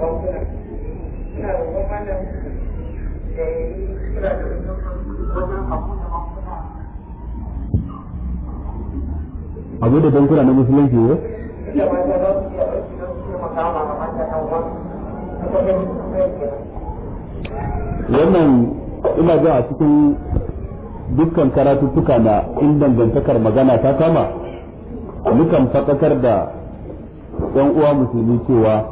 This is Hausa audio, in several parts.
bankuna da abu da na musulunci ne? wannan ina ga a cikin dukkan karatuttuka na in dangantakar magana ta kama mukan faɗakar da ‘yan uwa musulmi cewa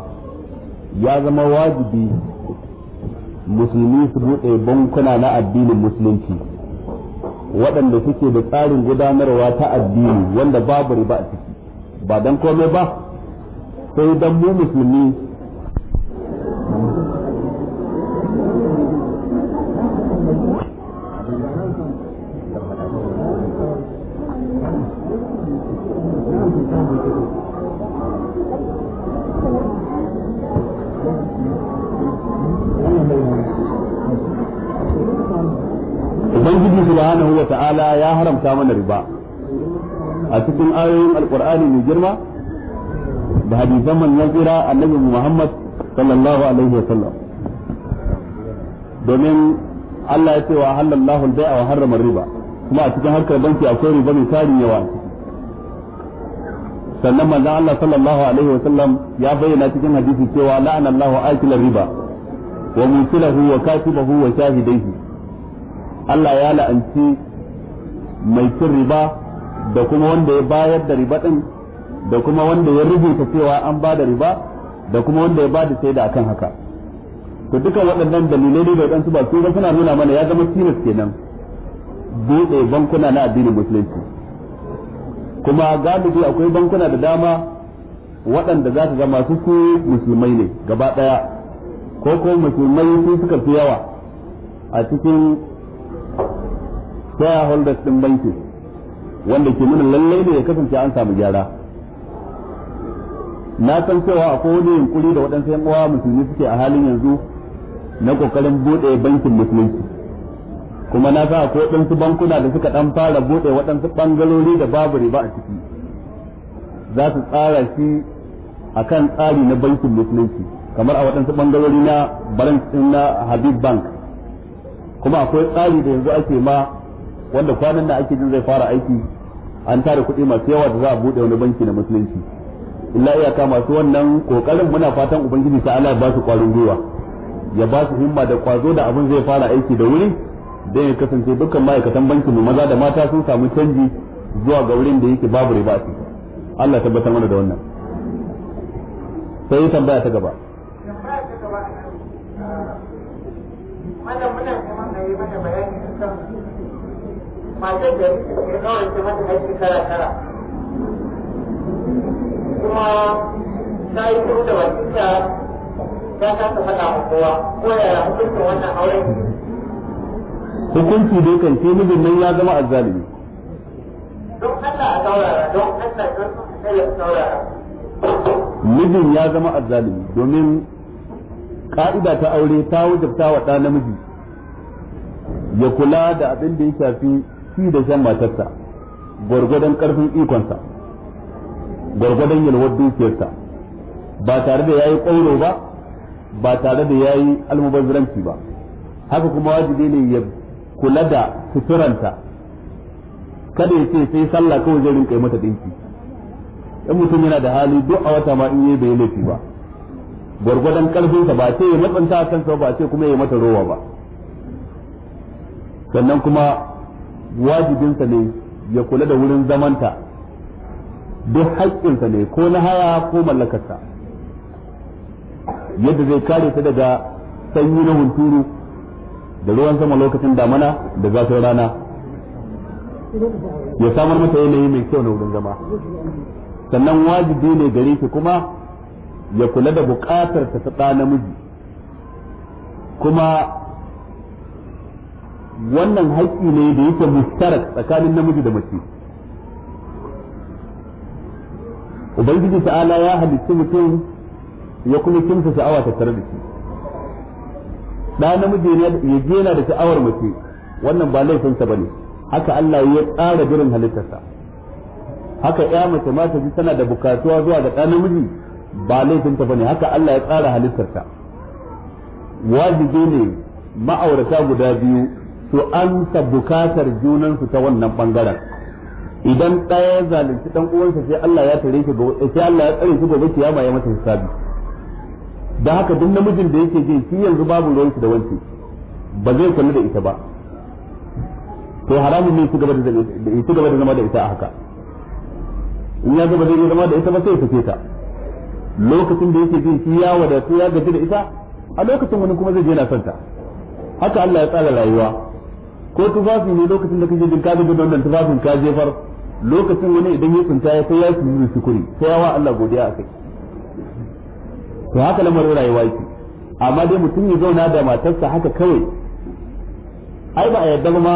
ya zama wajibi musulmi su buɗe bankuna na addinin musulunci waɗanda suke da tsarin gudanarwa ta addini wanda babu riba a ciki ba don komai ba sai don mu musulmi cikin ayoyin alkur'ani mai girma da hadisan manyan tsira annabi Muhammad sallallahu alaihi wa sallam domin Allah ya ce wa halallahu al-bai'a wa harrama riba kuma a cikin harkar banki a kori ba mai tarin yawa sannan manzon Allah sallallahu alaihi wa sallam ya bayyana cikin hadisi cewa la'ana Allahu akila riba wa mutilahu wa katibahu wa shahidaihi Allah ya la'anci mai cin riba da kuma wanda ya bayar da riba din da kuma wanda ya rubuta cewa an ba da riba da kuma wanda ya ba da sai da akan haka to dukan waɗannan dalilai ne da su ba su ga suna nuna mana ya zama tilas kenan buɗe bankuna na addinin musulunci kuma galibi akwai bankuna da dama waɗanda za su ga masu su musulmai ne gaba ɗaya ko ko musulmai su suka fi yawa a cikin shareholders ɗin banki. wanda ke nuna lallai ne ya kasance an samu gyara na san cewa ko wani yunkuri da waɗansu yan uwa musulmi suke a halin yanzu na kokarin buɗe bankin musulunci kuma na sa akwai waɗansu bankuna da suka ɗan fara buɗe waɗansu ɓangarori da babu riba a ciki za su tsara shi a kan tsari na bankin musulunci kamar a waɗansu ɓangarori na branch na Habib Bank kuma akwai tsari da yanzu ake ma wanda kwanan nan ake jin zai fara aiki an tare kuɗi masu yawa da za a buɗe wani banki na musulunci illa iyaka masu wannan kokarin muna fatan ubangiji ta Allah ba su kwarin gwiwa ya ba su himma da kwazo da abin zai fara aiki da wuri dan ya kasance dukkan ma'aikatan bankin mu maza da mata sun samu canji zuwa ga wurin da yake babu riba ce Allah tabbatar mana da wannan sai tambaya ta gaba muna muna mana yi mana bayani akan matar da ya kawance mata aiki kara kara kuma ta yi kuma da bakinta ta kasa faɗa wa kowa ko yaya hukuncin wannan auren hukunci dai kan sai mijin nan ya zama azzalimi don Allah a saurara don Allah don Allah ya saurara mijin ya zama azzalimi domin ka'ida ta aure ta wajabta wa ɗa namiji ya kula da abin da ya shafi shi da shan matarsa gwargwadon ƙarfin ikonsa gwargwadon yalwar dukiyarsa ba tare da yayi ƙauro ba ba tare da yayi almubazzaranci ba haka kuma wajibi ne ya kula da suturanta kada ya ce sai sallah kawai zai rinka mata dinki in mutum yana da hali duk a wata ma in yi bai laifi ba gwargwadon ƙarfinsa ba ce ya matsanta a kansa ba ce kuma ya mata rowa ba sannan kuma wajibinsa ne ya kula da wurin zamanta duk haƙƙinsa ne ko na haya ko mallakarsa yadda zai kare ta daga sanyi na hunturu da ruwan sama lokacin damana da zafin rana ya samar mata yanayi mai kyau na wurin zama sannan wajibi ne gare shi kuma ya kula da buƙatar ta ta namiji kuma wannan haƙƙi ne da yake mustarak tsakanin namiji da mace ubangiji ta'ala ya halitta mutum ya kuma kimsa sha'awa ta tare da shi da namiji ya jena da sha'awar mace wannan ba laifinsa bane haka Allah ya tsara birin halittarsa haka ya mace ma ta ji tana da bukatuwa zuwa ga ɗan namiji ba laifinta bane haka Allah ya tsara halittarsa wajibi ne ma'aurata guda biyu su amsa bukatar su ta wannan bangaren idan ɗaya ya zalunci dan uwansa sai Allah ya tare shi gobe sai Allah ya tsare shi gobe kiyama ya masa hisabi da haka duk namijin da yake jin shi yanzu babu ruwan shi da wanci ba zai kula da ita ba to haramun ne su gaba da su gaba da zama da ita a haka in ya gaba da zama da ita ba sai ya fice ta lokacin da yake jin shi ya wadatu ya gaji da ita a lokacin wani kuma zai je na santa haka Allah ya tsara rayuwa ko tufafi ne lokacin da kake jin ka zuba da wannan tufafin ka jefar lokacin wani idan ya tsunta ya sai ya yi sukuri sai yawa Allah godiya a kai to haka lamarin rayuwa yake amma dai mutum ya zauna da matarsa haka kawai ai ba a yarda ba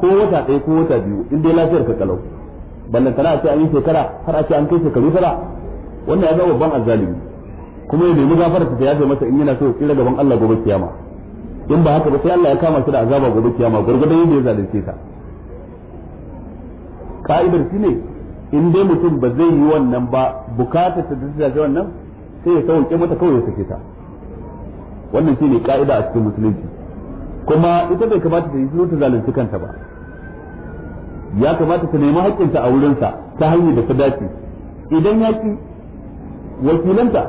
ko wata ɗaya ko wata biyu in dai lafiyar ka kalau ballan tana ce an yi shekara har a ce an kai shekaru tara wannan ya zama babban azzalimi kuma ya nemi gafarar ta yafe masa in yana so ya tsira gaban Allah gobe kiyama in ba haka ba sai Allah ya kama su da azaba gobe kiyama gurgurdan yadda ya zalunce ta ka'idar shine in dai mutum ba zai yi wannan ba bukatar ta dace wannan sai ya sauke mata kawai ya sake ta wannan shine ka'ida a cikin musulunci kuma ita bai kamata ta yi zuwa ta zalunci kanta ba ya kamata ta nemi haƙƙinta a wurinsa ta hanyar da ta dace idan ya ki wakilanta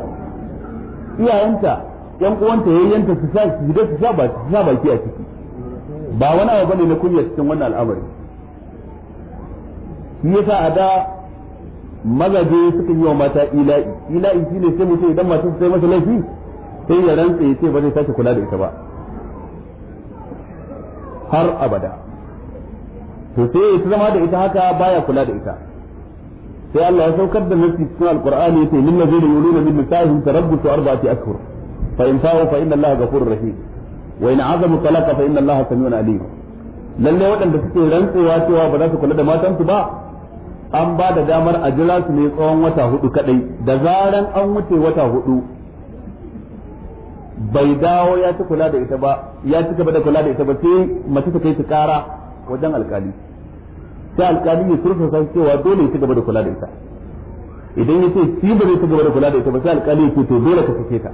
iyayenta yan uwanta ya su sa su da su sa su sa baki a ciki ba wani abu bane na kunya cikin wannan al'amari shi yasa a da mazaje suka yi wa mata ila'i ila'i shine sai mutum idan masu sai masa laifi sai ya rantsa ya ce ba zai sake kula da ita ba har abada to sai ya zama da ita haka baya kula da ita sai Allah ya saukar da nasi cikin alqur'ani yace lil ladina yuluna min nisa'ihim tarabbu arba'ati ashhur fa in fa'u fa inna allaha ghafurur rahim wa in azamu talaqa fa inna allaha samiun alim lalle waɗanda suke rantsuwa cewa ba za su kula da matansu ba an ba da damar a jira su ne tsawon wata hudu kadai da zaran an wuce wata hudu bai dawo ya ci kula da ita ba ya ci gaba da kula da ita ba sai mace ta kai ta kara wajen alkali sai alkali ya turfa san cewa dole ya ci gaba da kula da ita idan ya ce shi ba zai ci gaba da kula da ita ba sai alkali ya ce to dole ka sake ta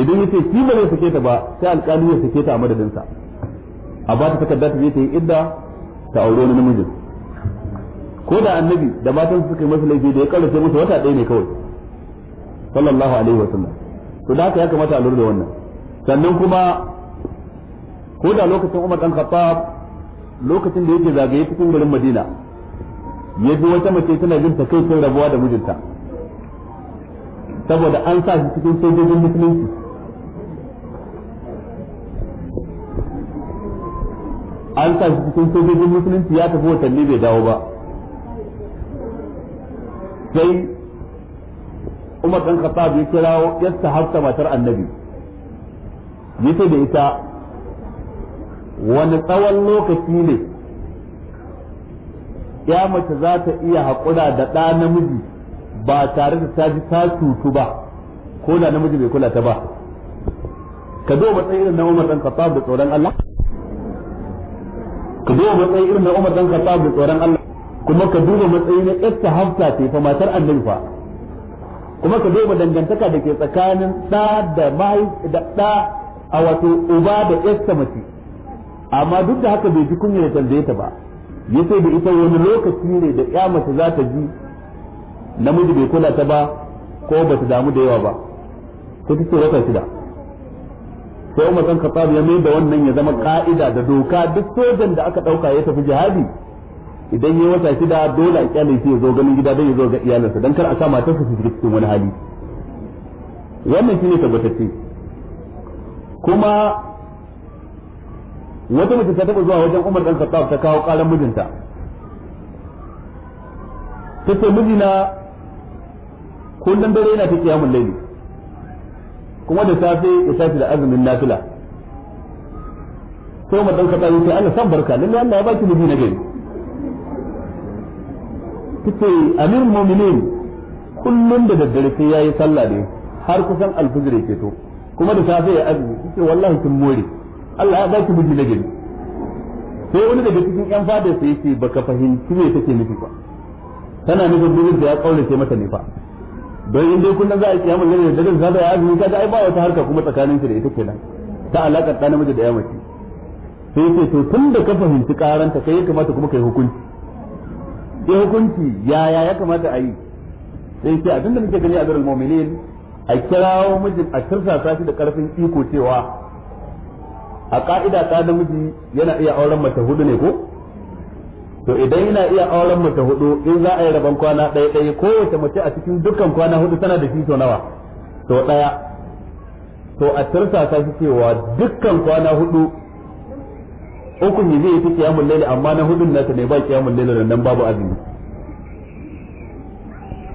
idan yace shi ba zai sake ta ba sai alƙali ya sake ta a madadin sa a ba ta takarda ta je ta yi idda ta aure wani namijin ko da annabi da matan suka yi masa laifi da ya karace masa wata ɗaya ne kawai sallallahu alaihi wa sallam to da haka ya kamata a lura da wannan sannan kuma ko da lokacin Umar dan Khattab lokacin da yake zagaye cikin garin Madina ya ji wata mace tana jin takaicin rabuwa da mijinta saboda an sa shi cikin sojojin musulunci an sa shi cikin sojojin musulunci ya tafi watanni bai dawo ba sai Umar dan Khattab ya kira yasta hafsa matar Annabi yace da ita wani tsawon lokaci ne ya mace za ta iya haƙura da ɗa namiji ba tare da ta ji ta cutu ba ko da namiji bai kula ta ba ka duba matsayin na Umar dan Khattab da tsoron Allah ka zo matsayi irin na Umar dan Khattab tsoron Allah kuma ka duba matsayi na Esta Hafsa ce fa matar Annabi fa kuma ka duba dangantaka da ke tsakanin da da mai da da a wato uba da Esta mace amma duk da haka bai ji kunya da tambaye ta ba yace da ita wani lokaci ne da ƴa mace za ta ji namiji bai kula ta ba ko ba ta damu da yawa ba ta ce wata shida sai Umar dan Khattab ya mai da wannan ya zama ka'ida da doka duk sojan da aka dauka ya tafi jihadi idan ya wata shida dole a kyale shi ya zo ganin gida dan ya zo ga iyalinsa dan kar a sa matar su shiga cikin wani hali wannan shine tabbatacce kuma wata mace ta taba zuwa wajen Umar dan Khattab ta kawo karan mijinta ta ce mijina kullum dare yana ta kiyamul laili kuma da safe ya tashi da azumin nafila sai mu dauka tsayi sai Allah san barka lalle Allah ya baki miji na gari kace amir mu'minin kullun da daddare sai yayi sallah ne har kusan alfijir ke to kuma da safe ya azumi kace wallahi kin more Allah ya baki miji na gari sai wani daga cikin yan fada sai yace baka fahimci me take nufi ba tana nufin mijin da ya kaurace mata ne fa don in dai kullum za a kiyama kiyamar da dare za ta azumi kaga ai ba wata harka kuma tsakanin ki da ita kenan ta alaka ɗan namiji da ya mace sai sai to tun da ka fahimci karanta kai ya kamata kuma kai hukunci ya hukunci yaya ya kamata a yi sai sai abinda muke gani a garin mu'minin a kirawo mijin a tirsasa shi da karfin iko cewa a ka'ida ta namiji yana iya auren mace hudu ne ko to idan yana iya auren mace hudu in za a yi rabon kwana ɗaya ɗaya kowace mace a cikin dukkan kwana hudu tana da shi to nawa to ɗaya to a tirsasa shi cewa dukkan kwana hudu uku ne zai fi kiyamun laili amma na hudun nata ne ba kiyamun laili da nan babu azumi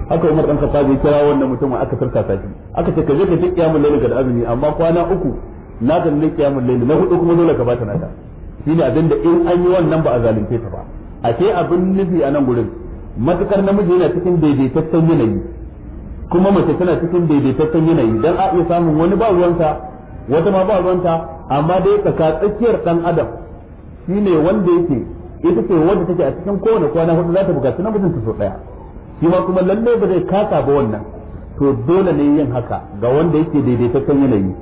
haka Umar dan kafa zai kira wannan mutumin aka ta shi aka ce ka je ka je kiyamun laili ga azumi amma kwana uku na da ne kiyamun laili na hudu kuma dole ka bata nata shine abinda in an yi wannan ba a zalunce ta ba a ce abin nufi a nan gurin matukar namiji yana cikin daidaitaccen yanayi kuma mace tana cikin daidaitaccen yanayi don a iya samun wani ba ruwanta wata ma ba ruwanta amma dai tsakatsakiyar tsakiyar dan adam shine wanda yake ita ce wanda take a cikin kowane kwana hudu za ta bukaci namijin ta so daya shi ma kuma lalle ba zai kasa ba wannan to dole ne yin haka ga wanda yake daidaitaccen yanayi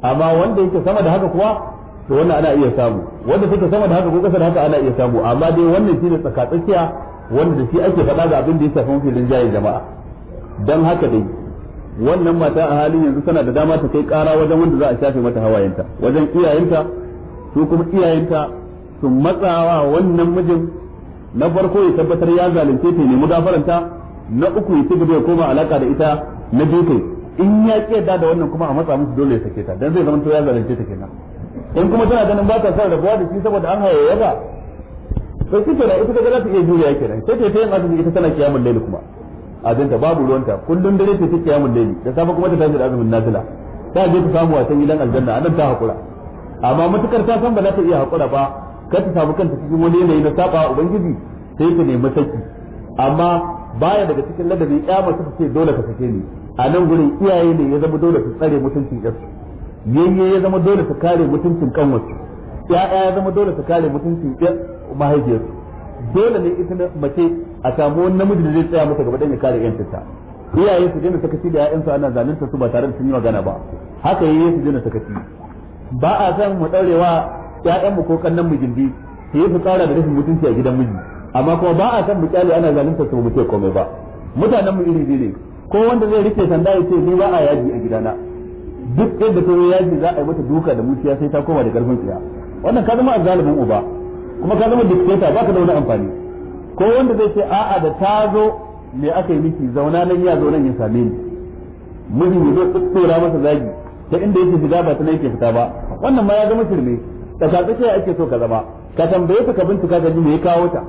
amma wanda yake sama da haka kuwa to wannan ana iya samu wanda suka sama da haka ko kasa da haka ana iya samu amma dai wannan shine tsakatsakiya wanda da shi ake faɗa ga abin da ya shafi mafi rinjayen jama'a dan haka dai wannan mata a halin yanzu tana da dama ta kai ƙara wajen wanda za a shafe mata hawayenta wajen iyayenta su kuma iyayenta su matsawa wannan mijin na farko ya tabbatar ya zalunce ta nemi gafaranta na uku ya cigaba ya koma alaka da ita na biyu in ya ƙi da wannan kuma a matsa musu dole ya sake ta dan zai zama to ya zalunce ta kenan in kuma tana ganin ba ta son rabuwa da shi saboda an haye yaba to shi kenan ita kaga za ta iya juriya kenan sai ta tayin azumi ita tana kiyamul layl kuma azinta babu ruwanta kullun dare ta take kiyamul laili da safe kuma ta tashi da azumin nazila ta je ta samu wasan gidan aljanna anan ta hakura amma matukar ta san ba za ta iya hakura ba kar ta samu kanta cikin wani yanayi na saba ubangiji sai ta nemi saki amma baya daga cikin ladabi ya masu ce dole ka sake ni a nan gurin iyaye ne ya zama dole su tsare mutuncin ƙasa. yayye ya zama dole su kare mutuncin wasu. ya'ya ya zama dole su kare mutuncin mahaifiyarsu dole ne ita mace a samu wani namiji da zai tsaya mata gaba ya kare yancinta iyaye su daina sakaci da ƴaƴansu ana zalunta su ba tare da sun yi magana ba haka yayye su daina sakaci ba a san mu daurewa mu ko kannan mu gindi su yi tsara da rashin mutunci a gidan miji amma kuma ba a san mu kyale ana zalunta su ba mu ce komai ba mutanen mu iri ne ko wanda zai rike sanda ya ce ni ba a yaji a gidana duk yadda ta yi yaji za a yi mata duka da mutiya sai ta koma da karfin tsiya wannan ka zama zalibin uba kuma ka zama dictator baka da wani amfani ko wanda zai ce a'a da ta zo me aka yi miki zauna nan ya zo nan ya same ni mijin ya zo tsora masa zagi ta inda yake shiga ba ta nan yake fita ba wannan ma ya zama shirme tsakatsake ake so ka zama ka tambaye ta ka bincika ka ji me ya kawo ta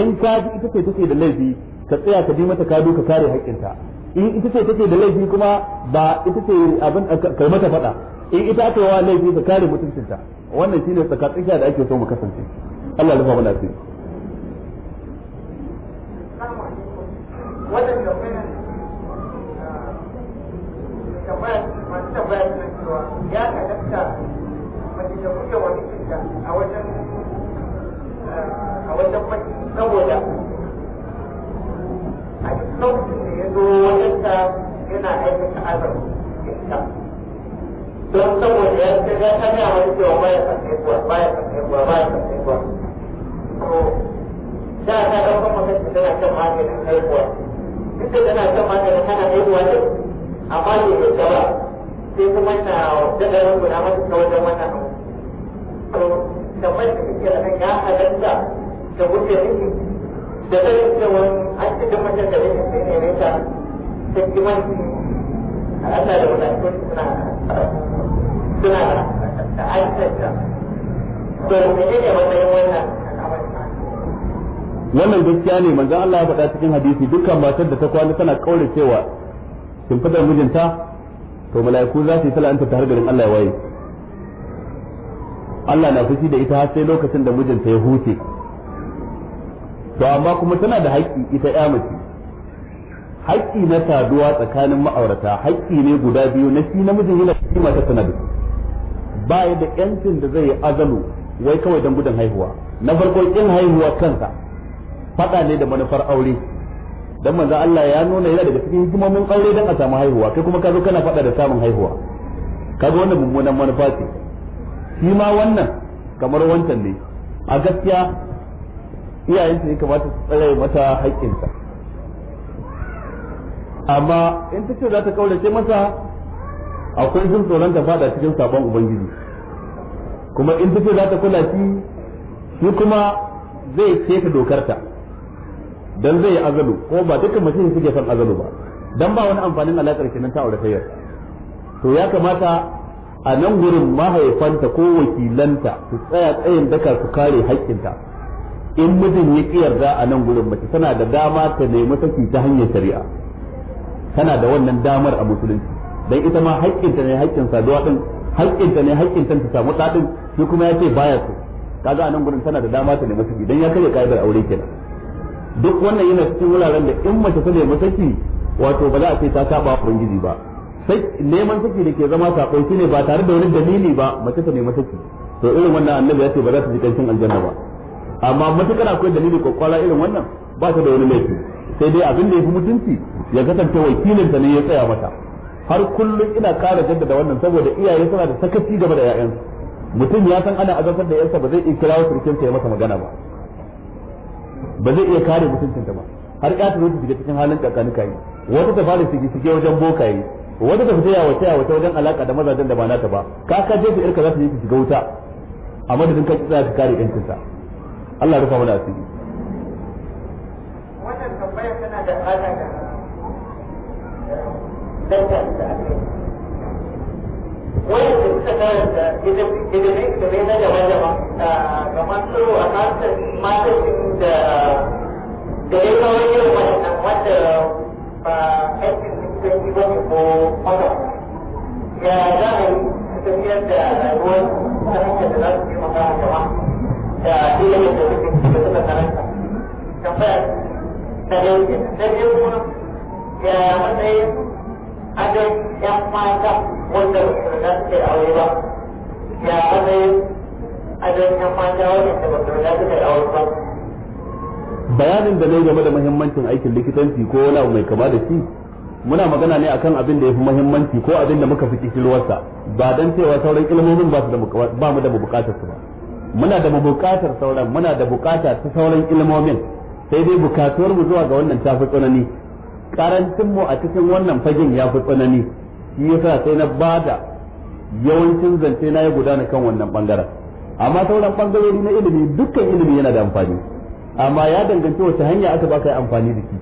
in ka ji ita ce take da laifi ka tsaya ka bi mata ka duka kare haƙƙinta in ita ce take da laifi kuma ba ita ce abin kai mata faɗa in ita aka wa laifi ka kare mutuncinta wannan shine tsakatsakiya da ake so mu kasance Allah ya rufa lafiya wannan eh, a wajen eh, a duk lokacin da ya zo wajenka yana aikata azumi da ita don saboda ya ta ga ta ga wani cewa baya san haihuwa baya san haihuwa baya san haihuwa da ta ɗaukar mutum da tana kan maganin haihuwa duk da tana kan maganin hana haihuwa ne amma ne da gaba sai kuma na daɗa runguna mata ta wajen wannan abu to da mai da kake nan ya halatta da wuce a da ɗaya cewa an ci gaba da gare shi sai ne ta sai a Allah da wani ko suna suna da aikata to me ne ne wannan wannan wannan gaskiya ne manzo Allah ya faɗa cikin hadisi dukkan matar da ta kwana tana kaure cewa shimfidar mijinta to mala'iku za su yi sala'anta ta har garin Allah ya waye Allah na fushi da ita har sai lokacin da mijinta ya huce to amma kuma tana da haƙƙi ita ya mace haƙƙi na saduwa tsakanin ma'aurata haƙƙi ne guda biyu na shi namijin yana shi mata tana da ba ya da ƴancin da zai yi azalu wai kawai don gudun haihuwa na farko in haihuwa kansa faɗa ne da manufar aure dan manzo Allah ya nuna yana daga cikin hikimomin aure dan a samu haihuwa kai kuma ka zo kana faɗa da samun haihuwa kaga wannan mummunan manufa ce shi ma wannan kamar wancan ne a gaskiya iyayensa ya kamata su tsare mata haƙƙinsa amma in ta ce za ta kaurace masa akwai jin tsoron ta fada cikin sabon ubangiji kuma in ta ce za ta kula shi shi kuma zai keta dokarta dan zai yi azalu ko ba dukkan mutum suke son azalu ba dan ba wani amfanin alaƙar kenan ta auratayyar to ya kamata a nan gurin mahaifanta ko wakilanta su tsaya tsayin daka su kare haƙƙinta in mijin ya ki yarda a nan gurin mace tana da dama ta nemi saki ta hanyar shari'a tana da wannan damar a musulunci dan ita ma haƙƙinta ne haƙƙin saduwa din haƙƙinta ne haƙƙinta ta samu ɗa shi kuma ya ce baya so kaga a nan gurin tana da dama ta nemi saki dan ya karya ka'idar aure kenan duk wannan yana cikin wuraren da in mace ta nemi saki wato ba za a ce ta saba ubangiji ba sai neman saki da ke zama sakon ne ba tare da wani dalili ba mace ta nemi saki to irin wannan annabi ya ce ba za ta ji karshen aljanna ba amma matukar akwai dalili kwala irin wannan ba ta da wani laifi sai dai abin da ya fi mutunci ya kasance ta ne ya tsaya mata har kullum ina kara jaddada wannan saboda iyaye suna da sakaci game da 'ya'yansu mutum ya san ana azabtar da yarsa ba zai iya kirawo surkinsa ya masa magana ba ba zai iya kare ta ba har ya tafi shiga cikin halin kakanuka yi wata ta fara shige shige wajen bokaye wata ta fita yawace yawace wajen alaka da mazajen da ba nata ba ka ka ta irka za ta yi shiga wuta a madadin ka tsaya ka kare yancinsa Allah rufa mana asiri wannan tambaya tana da alaƙa da danganta da suka karanta ilimin ilimin na gaba gaba ga su a kasar matakin da da ya kawai yin wannan wanda ba aikin ke ba ne ko kwata ya za a yi tafiyar da ruwan ta hanyar da za su yi da biyu kuma ya matsayin adon ‘yan mata wanda da suke aure ba ya matsayin adon ‘yan mata wanda da suke aure ba bayanin da nai game da muhimmancin aikin likitanci ko wani abu mai kama da shi muna magana ne akan abin da ya fi muhimmanci ko abin da muka fi kishirwarsa ba don cewa sauran ilmomin ba mu da bukatar su ba muna da bukatar sauran muna da bukata ta sauran ilmomin sai dai bukatuwar mu zuwa ga wannan ta fi tsanani karancin mu a cikin wannan fagen ya fi tsanani shi yasa sai na bada yawancin zance na ya gudana kan wannan bangaren amma sauran bangarori na ilimi dukkan ilimi yana da amfani amma ya danganci wace hanya aka baka yi amfani da shi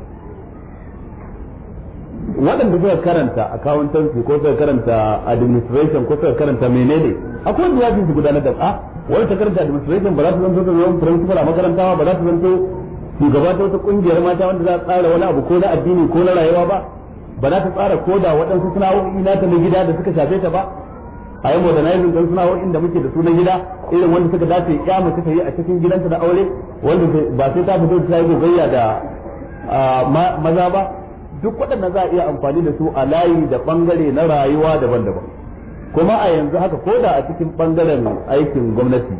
waɗanda suka karanta accountancy ko suka karanta administration ko suka karanta menene akwai wanda ya su gudanar da a ah, wani ta karanta administration ba za ta zanto da yawan principal a makarantawa ba za ta zanto shugaba ta wata kungiyar mata wanda za a tsara wani abu ko na addini ko na rayuwa ba ba za ta tsara ko da waɗansu sana'o'i ta na gida da suka shafe ta ba a yi modernizing ɗan sana'o'in da muke da su na gida irin wanda suka dace ya mace ta yi a cikin gidanta da aure wanda ba sai ta fito ta yi gogayya da maza ba duk waɗanda za a iya amfani da su a layi da ɓangare na rayuwa daban-daban kuma a yanzu haka ko da a cikin ɓangaren aikin gwamnati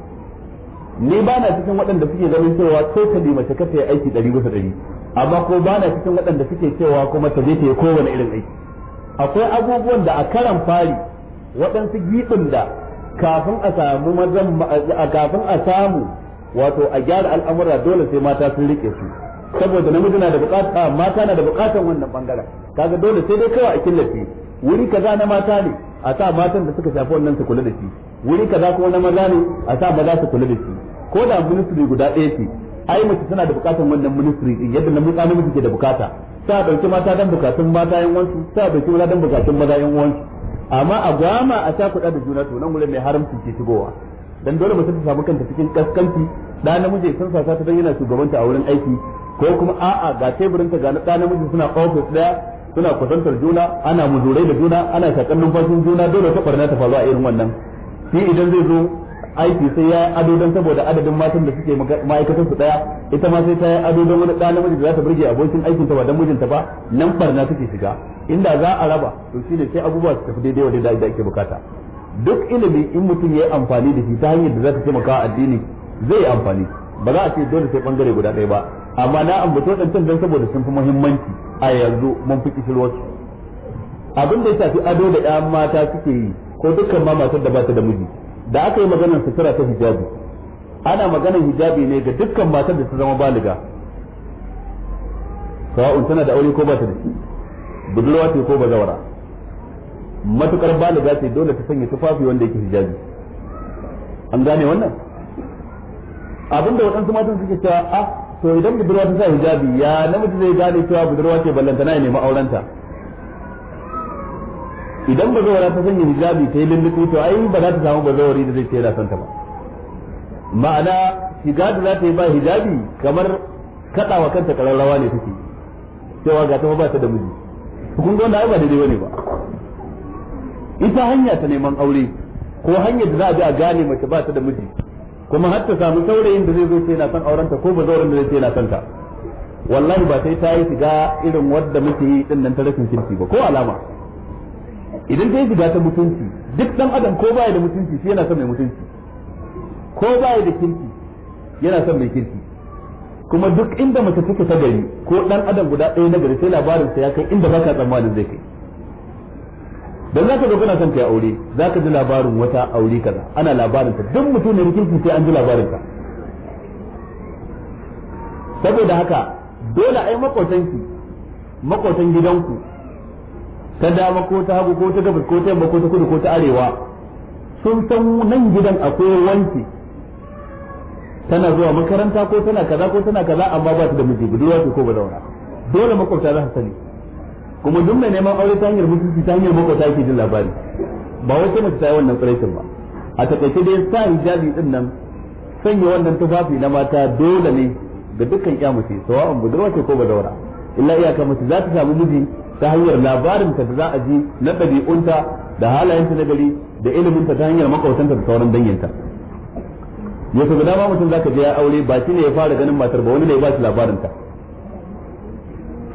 ni ba na cikin waɗanda suke ganin cewa totally mace ka ta yi aiki ɗari bisa ɗari amma ko ba na cikin waɗanda suke cewa kuma ta zai ta kowane irin aiki akwai abubuwan da a karan fari waɗansu giɓin da kafin a samu mazan kafin a samu wato a gyara al'amura dole sai mata sun rike su saboda namiji na da bukata mata na da bukatan wannan bangaren kaga dole sai dai kawai a killace wuri kaza na mata ne a sa matan da suka shafi wannan su kula da shi wuri kaza kuma na maza ne a sa maza su kula da shi ko da ministry guda ɗaya ce ai mace tana da bukatar wannan ministry din yadda na mutane miji ke da bukata sa dauki mata dan bukatun mata yan uwansu sa dauki maza dan bukatun maza yan uwansu amma a gama a ta kuɗa da juna to nan mai haramci ke shigowa dan dole mace ta samu kanta cikin kaskanci da namiji sun sa ta dan yana shugabanta a wurin aiki ko kuma a'a ga teburinta ta ga da namiji suna office daya suna kusantar juna ana muzurai da juna ana shakan numfashin juna dole ta barna ta faru a irin wannan shi idan zai zo aiki sai ya ado don saboda adadin matan da suke ma'aikatar su daya ita ma sai ta yi ado don wani ɗan namiji da za ta burge abokin aikin ta ba dan mijinta ba nan barna take shiga inda za a raba to shine sai abubuwa su tafi daidai wanda da ake bukata duk ilimi in mutum ya yi amfani da shi ta hanyar da za ta taimaka addini zai yi amfani ba za a ce dole sai bangare guda ɗaya ba amma na ambato ɗancan don saboda sun fi muhimmanci a yanzu mun fi kishirwarsu abin da ya shafi ado da 'yan mata suke yi ko dukkan ma matar da ba ta da miji da aka yi maganar sutura ta hijabi ana maganar hijabi ne ga dukkan matan da ta zama baliga sawa'un tana da aure ko ba ta da shi budurwa ce ko bazawara matukar baliga ce dole ta sanya tufafi wanda yake hijabi an gane wannan abin da waɗansu matan suke cewa a ah, to idan budurwa ta sa hijabi ya namiji zai gane cewa budurwa ce ballantana ya nemi aurenta idan ba zuwa ta sanya hijabi ta yi lullubi to ai ba za ta samu ba zuwa da zai ce da santa ba ma'ana hijabi za ta yi ba hijabi kamar kaɗawa kanta ƙararrawa ne take cewa ga ta ba ta da miji kun ga wanda ai ba daidai bane ba ita hanya ta neman aure ko hanya da za a bi a gane mace ba ta da miji kuma har ta samu saurayin da zai zo ce na san aurenta ko ba zauren da zai ce na santa ta wallahi ba sai ta yi shiga irin wadda muke yi din nan ta rashin kirki ba ko alama idan dai shiga ta mutunci duk dan adam ko baya da mutunci shi yana son mai mutunci ko baya da kirki yana son mai kirki kuma duk inda mace take ta gari ko dan adam guda ɗaya na gari sai labarin sa ya kai inda baka tsammanin zai kai dan zaka ga kana son kai aure zaka ji labarin wata aure kaza ana labarin ta duk mutum ne kirki sai an ji labarin ta saboda haka dole ai makotanki makotan gidanku ta dama ko ta hagu ko ta gabas ko ta yamma ko ta kudu ko ta arewa sun san nan gidan akwai wanki tana zuwa makaranta ko tana kaza ko tana kaza amma ba ta da miji budurwa ce ko badaura dole makwabta za su sani kuma duk mai neman aure ta hanyar mutunci ta hanyar makwabta yake jin labari ba wai sai mace ta yi wannan tsaraitin ba a takaice dai sa hijabi din nan sanya wannan tufafi na mata dole ne da dukkan kyamusi sawa'un budurwa ce ko badaura illa iyaka mace za ta samu miji ta hanyar labarin ta za a ji na ɗabi'unta da halayenta na gari da iliminta ta hanyar ta da sauran danginta ya ga dama mutum zaka je ya aure ba shi ne ya fara ganin matar ba wani ne ya ba shi labarinta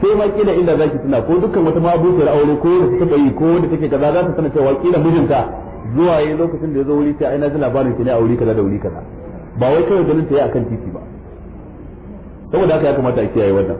sai ma kila inda zaki tuna ko dukkan wata mabukiyar aure ko wanda take yi ko wanda take kaza za ta sanar cewa kila mijinta zuwa yayin lokacin da ya zo wuri ta ai na ji labarin ki ne a wuri kaza da wuri kaza ba wai kawai ganin ta yi akan titi ba saboda haka ya kamata a kiyaye wannan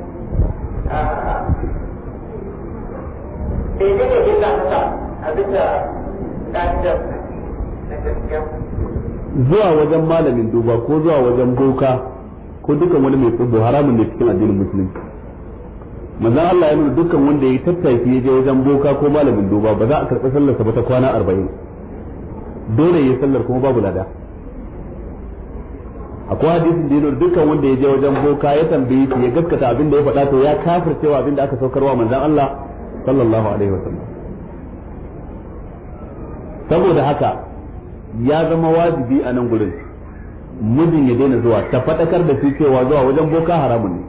a bisa na zuwa wajen malamin duba ko zuwa wajen boka ko dukkan wani mai tsibbo haramun ne cikin addinin musulunci manzon Allah ya nuna dukkan wanda ya tattaki ya je wajen boka ko malamin duba ba za a karɓi sallar ba ta kwana arba'in dole ya sallar kuma babu lada akwai hadisin da ya nuna dukkan wanda ya je wajen boka ya tambaye shi ya gaskata abin da ya faɗa to ya kafircewa abin da aka saukarwa manzon Allah sallallahu alaihi wasallam saboda haka ya zama wajibi a nan gurin mijin ya daina zuwa ta fadakar da shi cewa zuwa wajen boka haramun ne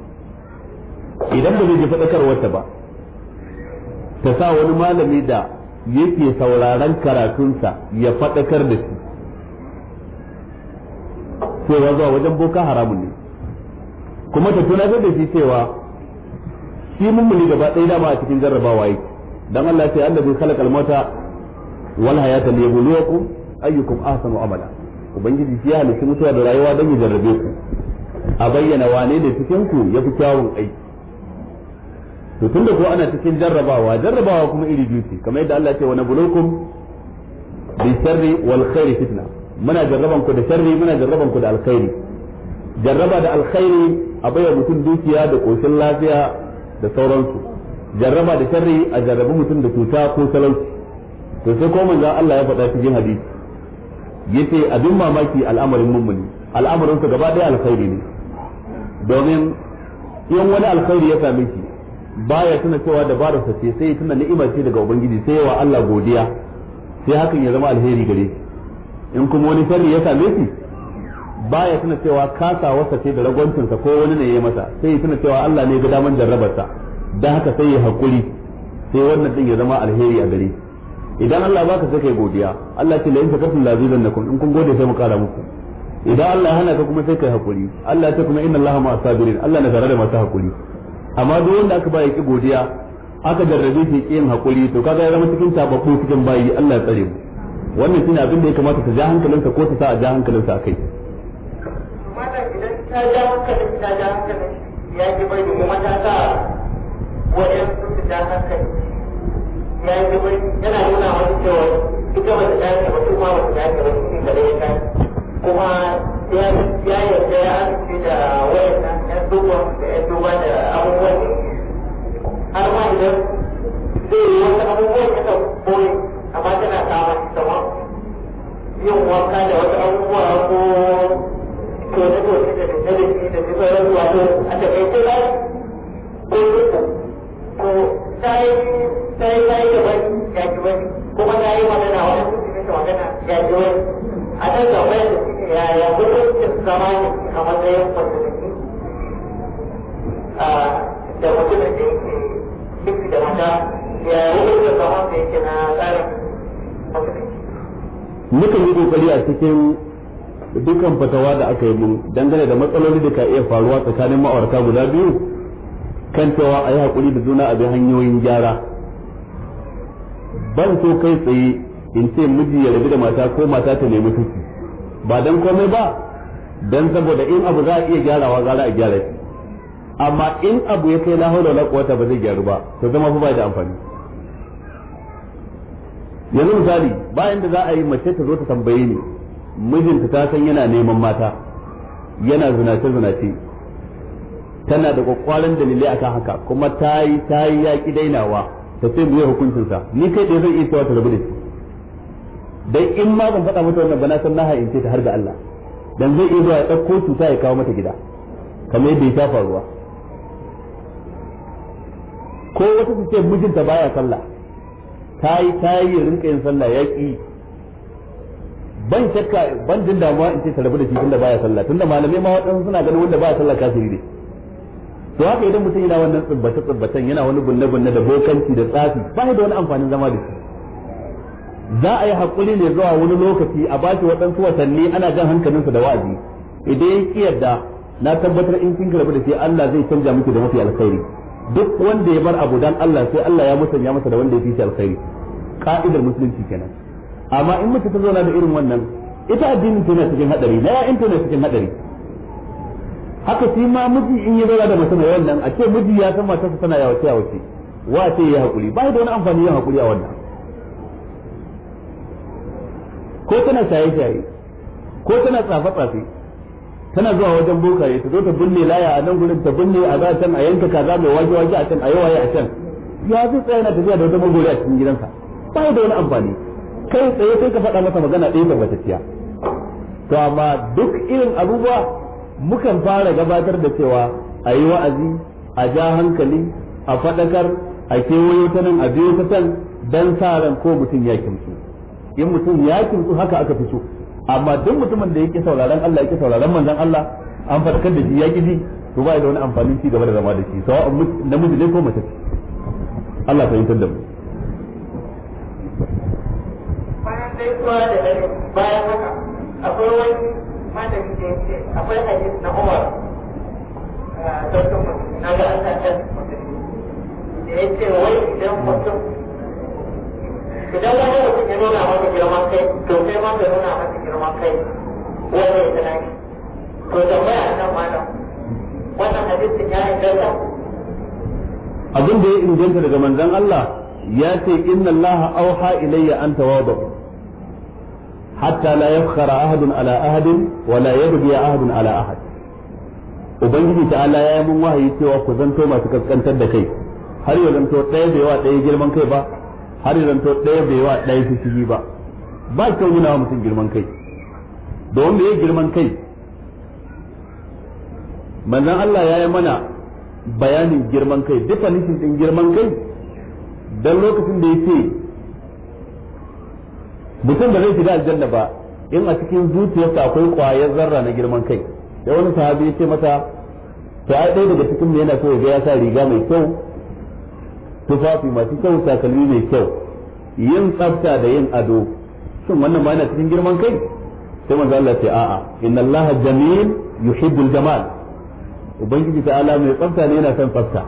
idan ba zai ji wata ba ta sa wani malami da yake sauraron karatunsa ya fadakar da shi cewa zuwa wajen boka haramun ne kuma ta tunatar da shi cewa shi mummuni gaba ɗaya dama a cikin jarrabawa yake dan Allah ya ce allazi khalaqal mauta wal hayata liyabluwakum ayyukum ahsanu amala ubangiji shi ya halicci mutuwa da rayuwa don ya jarrabe ku a bayyana wane ne cikin ku yafi kyawun aiki to tunda ko ana cikin jarrabawa jarrabawa kuma iri biyu ce kamar yadda Allah ya ce wa nabulukum bi sharri wal khairi fitna muna jarraban ku da sharri muna jarraban ku da alkhairi jarraba da alkhairi a baiwa mutum dukiya da koshin lafiya da sauransu jarraba da sharri a jarrabi mutum da cuta ko talauci to sai ko manzo Allah ya faɗa cikin hadisi yace abin mamaki al'amarin mummuni al'amarin ka gaba ɗaya alkhairi ne domin in wani alkhairi ya same shi baya tuna cewa da sa ce sai tuna ni'ima ce daga ubangiji sai wa Allah godiya sai hakan ya zama alheri gare shi in kuma wani sharri ya same shi baya tuna cewa kasa wasa ce da ragwancinsa ko wani ne ya masa sai ya tuna cewa Allah ne ya ga daman jarrabarsa don haka sai ya haƙuri sai wannan din ya zama alheri a gare idan Allah baka sai kai godiya Allah ce la in takartum lazizannakum in kun gode sai mu kara muku idan Allah hana ka kuma sai kai haƙuri Allah ce kuma inna Allah ma'a sabirin Allah na tare da masu haƙuri. amma duk wanda aka ba ya ki godiya aka jarrabe shi ki yin hakuri to kaga ya zama cikin tababbu cikin bayi Allah ya tsare mu wannan shine abin da ya kamata ta ja hankalinsa ko ta sa a ja hankalinsa akai na ja hankalin na ja hankalin ya ji bai domin matasa wajen su ja hankali ya ji bai yana nuna wani cewa ita wata ta ce wata kuma wata ta ce wata cikin da ya kai kuma ya yarda ya amince da fatawa da aka yi mun dangane da matsaloli da ka iya faruwa tsakanin ma'aurata guda biyu kan cewa a yi haƙuri da juna a bi hanyoyin gyara ban so kai tsaye in ce miji ya rabu da mata ko mata ta nemi tuki ba dan komai ba dan saboda in abu za a iya gyarawa gara a gyara shi amma in abu ya kai lahaula da quwata ba zai gyaru ba to zama fa bai da amfani yanzu misali bayan da za a yi mace ta zo ta tambaye ni mijinta ta san yana neman mata yana zinace zinace tana da kwakwaran dalilai akan haka kuma ta yi ta yi yaƙi dainawa ta ce mu yi sa ni kai da zan iya cewa ta rabu da dan in ma ban faɗa mata wannan ba na san na ha'ince ta har da Allah dan zai iya zuwa ya ɗauko cuta ya kawo mata gida kamar yadda ya shafa ruwa ko wata ta ce mijinta baya sallah ta yi ta yi rinka yin sallah yaƙi. ban shakka ban jin damuwa in ce ka rabu da shi tunda baya sallah tunda malamai ma wadansu suna ganin wanda baya sallah kafiri ne to haka idan mutum yana wannan tsubbace tsubbacen yana wani gunne gunne da bokanci da tsafi ba da wani amfanin zama da shi za a yi hakuri ne zuwa wani lokaci a ba shi wadansu watanni ana jan hankalinsa da wa'azi idan ya ki yarda na tabbatar in kin rabu da shi Allah zai canja miki da mafi alkhairi duk wanda ya bar abu dan Allah sai Allah ya musanya masa da wanda ya fi shi alkhairi ka'idar musulunci kenan amma in mace ta zauna da irin wannan ita addinin ta yana cikin hadari na ya'in ta yana cikin hadari haka shi ma miji in ya zauna da mace mai wannan a ce miji ya san matarsa tana yawace yawace wa ce ya hakuri ba da wani amfani yin hakuri a wannan ko tana shaye shaye ko tana tsafa tsafe tana zuwa wajen bokaye ta zo ta binne laya a nan gurin ta binne a za can a yanka kaza mai waje waje a can a yawaye a can ya zai tsaya na tafiya da wata magoya a cikin gidansa ba da wani amfani kai tsaye sai ka faɗa masa magana ɗaya tabbatacciya to amma duk irin abubuwa mukan fara gabatar da cewa a yi wa'azi a ja hankali a faɗakar a kewayo ta nan a biyo ta can don sa ran ko mutum ya kimtsu in mutum ya kimtsu haka aka fi so amma duk mutumin da yake sauraron Allah yake sauraron manzon Allah an faɗakar da shi ya kiji to ba da wani amfanin ci gaba da zama da shi sawa'un namiji ne ko mace Allah fahimtar da mu sai da dare bayan haka akwai wani Allah ya ce wai idan mutum idan wani mutum ya abin da ya inganta daga manzon Allah ya ce inna Allah auha ilayya an tawadu hatta la yafkhara ahadun ala ahadin wa la yabghi ahadun ala ahad ubangiji allah ya yi mun wahayi cewa ku zanto masu kaskantar da kai har ya zanto ɗaya bai wa ɗaya girman kai ba har ya zanto ɗaya bai wa ɗaya fishigi ba ba kyau nuna wa mutum girman kai da wanda ya girman kai manzan Allah ya yi mana bayanin girman kai duka nufin din girman kai dan lokacin da ya ce mutum ba zai shiga aljanna ba in a cikin zuciyarsa akwai kwayar zarra na girman kai da wani sahabi ya ce mata to ai ɗaya daga cikin yana so ya sa riga mai kyau tufafi masu kyau takalmi mai kyau yin tsafta da yin ado shin wannan ba yana cikin girman kai sai manzo Allah ce a'a inna Allah jamil yuhibbul jamal ubangiji ta ala mai tsafta ne yana son tsafta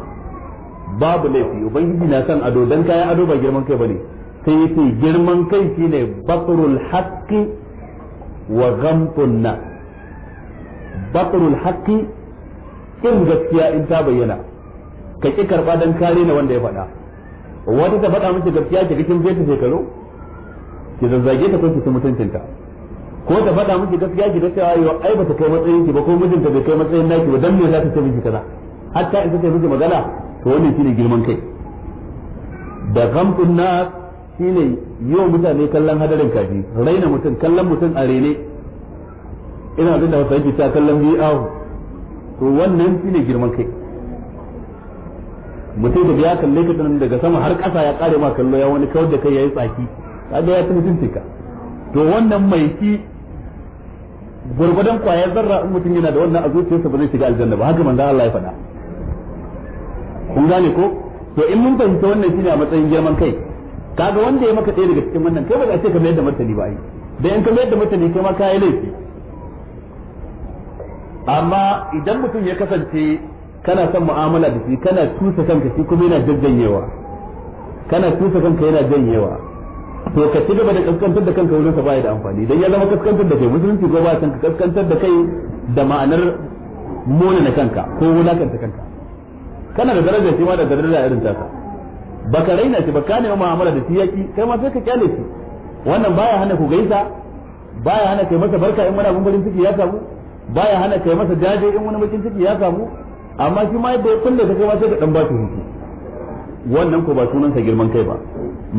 babu laifi ubangiji na son ado dan kayan ado ba girman kai bane sai yace girman kai shi ne batrul haƙƙi wa ghamtun na batrul haƙƙi kin gaskiya in ta bayyana ka ƙi karɓa don kare na wanda ya faɗa wata ta faɗa miki gaskiya ki cikin je ta shekaru ki zazzage ta ko ki mutuncinta ko ta faɗa miki gaskiya ki da cewa yau ai ba ta kai matsayin ki ba ko mijinta bai kai matsayin naki ba dan me za ta ce miki kaza hatta in ta ce miki magana to wannan shine girman kai da ghamtun na shine yi wa mutane kallon hadarin kaji raina mutum kallon mutum a rene ina zai da wasu yake ta kallon biyu ahu to wannan shine girman kai mutum da biya kalle ka tunan daga sama har ƙasa ya ƙare ma kallo ya wani kawar da kai ya yi tsaki kaga ya ci mutum ka to wannan mai ki gwargwadon kwayar zarra in mutum yana da wannan a zuciyarsa ba zai shiga aljanna ba haka manzo Allah ya faɗa kun gane ko to in mun fahimta wannan shine a matsayin girman kai kaga wanda ya maka ɗaya daga cikin wannan kai ba za a ce ka mayar da martani ba ai da in ka mayar da martani kai ma ka yi laifi amma idan mutum ya kasance kana son mu'amala da shi kana tusa kanka shi kuma yana jajjanyewa kana tusa kanka yana janyewa to ka ci gaba da kaskantar da kanka wurin sa ba da amfani dan ya zama kaskantar da kai musulunci ko ba ka kaskantar da kai da ma'anar mona na kanka ko wulakanta kanka kana da daraja shi ma da daraja irin taka baka raina shi baka ne mu'amala da shi yaki kai ma sai ka kyale shi wannan baya hana ku gaisa baya hana kai masa barka in wani abun farin ciki ya samu baya hana kai masa jaje in wani bakin ciki ya samu amma shi ma yadda ya kulle ka kai ma sai ka dan ba shi hutu wannan ko ba sunan sa girman kai ba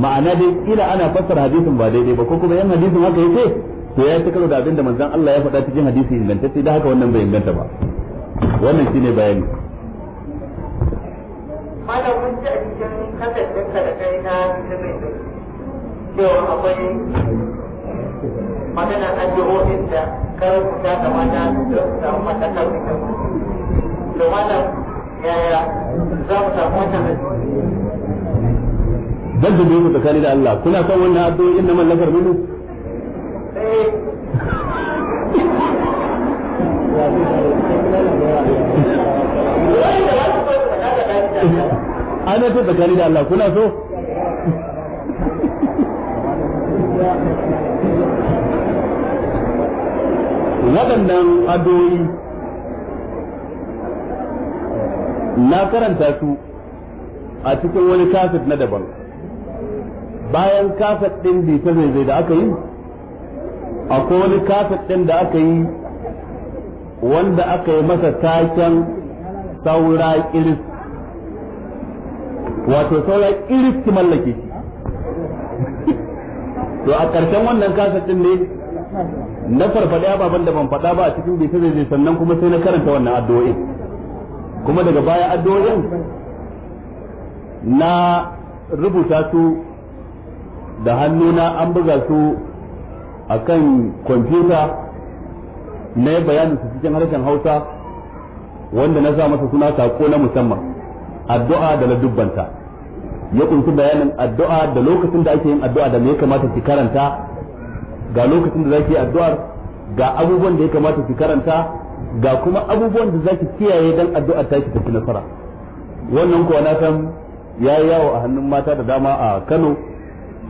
ma'ana dai kila ana fassara hadisin ba daidai ba ko kuma yan hadisin haka yake to ya ci karo da abin da manzon Allah ya faɗa cikin hadisi ingantacce da haka wannan bai inganta ba wannan shine bayani mana mun ji a cikin kasashen ka da kai na da mai zai cewa akwai magana addu'o'in da ka rubuta da mata da samu mata kan da kan to wannan yaya za mu samu wannan dan da mu tsakani da Allah kuna son wannan addu'o'in na mallakar mu eh ana so tsakani da Allah kuna so waɗannan adoyi na karanta su a cikin wani kafet na daban bayan kafet ɗin ta zai da aka yi akwai wani kafet ɗin da aka yi wanda aka yi masa taken saura iris wato saura iris ki mallake shi to a ƙarshen wannan kasa din ne na farfaɗe ababen da ban faɗa ba a cikin bai zai sannan kuma sai na karanta wannan addu'o'in kuma daga baya addu'o'in na rubuta su da hannuna an buga su a kan kwamfuta na bayanin su cikin harshen hausa wanda na sa masa suna sako na musamman addu'a da ladubbanta ya kunshi bayanin addu'a da lokacin da ake yin addu'a da me ya kamata ki karanta ga lokacin da zaki yi addu'ar ga abubuwan da ya kamata ki karanta ga kuma abubuwan da zaki kiyaye dan addu'a ta ki tafi nasara wannan kuwa na san ya yi yawo a hannun mata da dama a Kano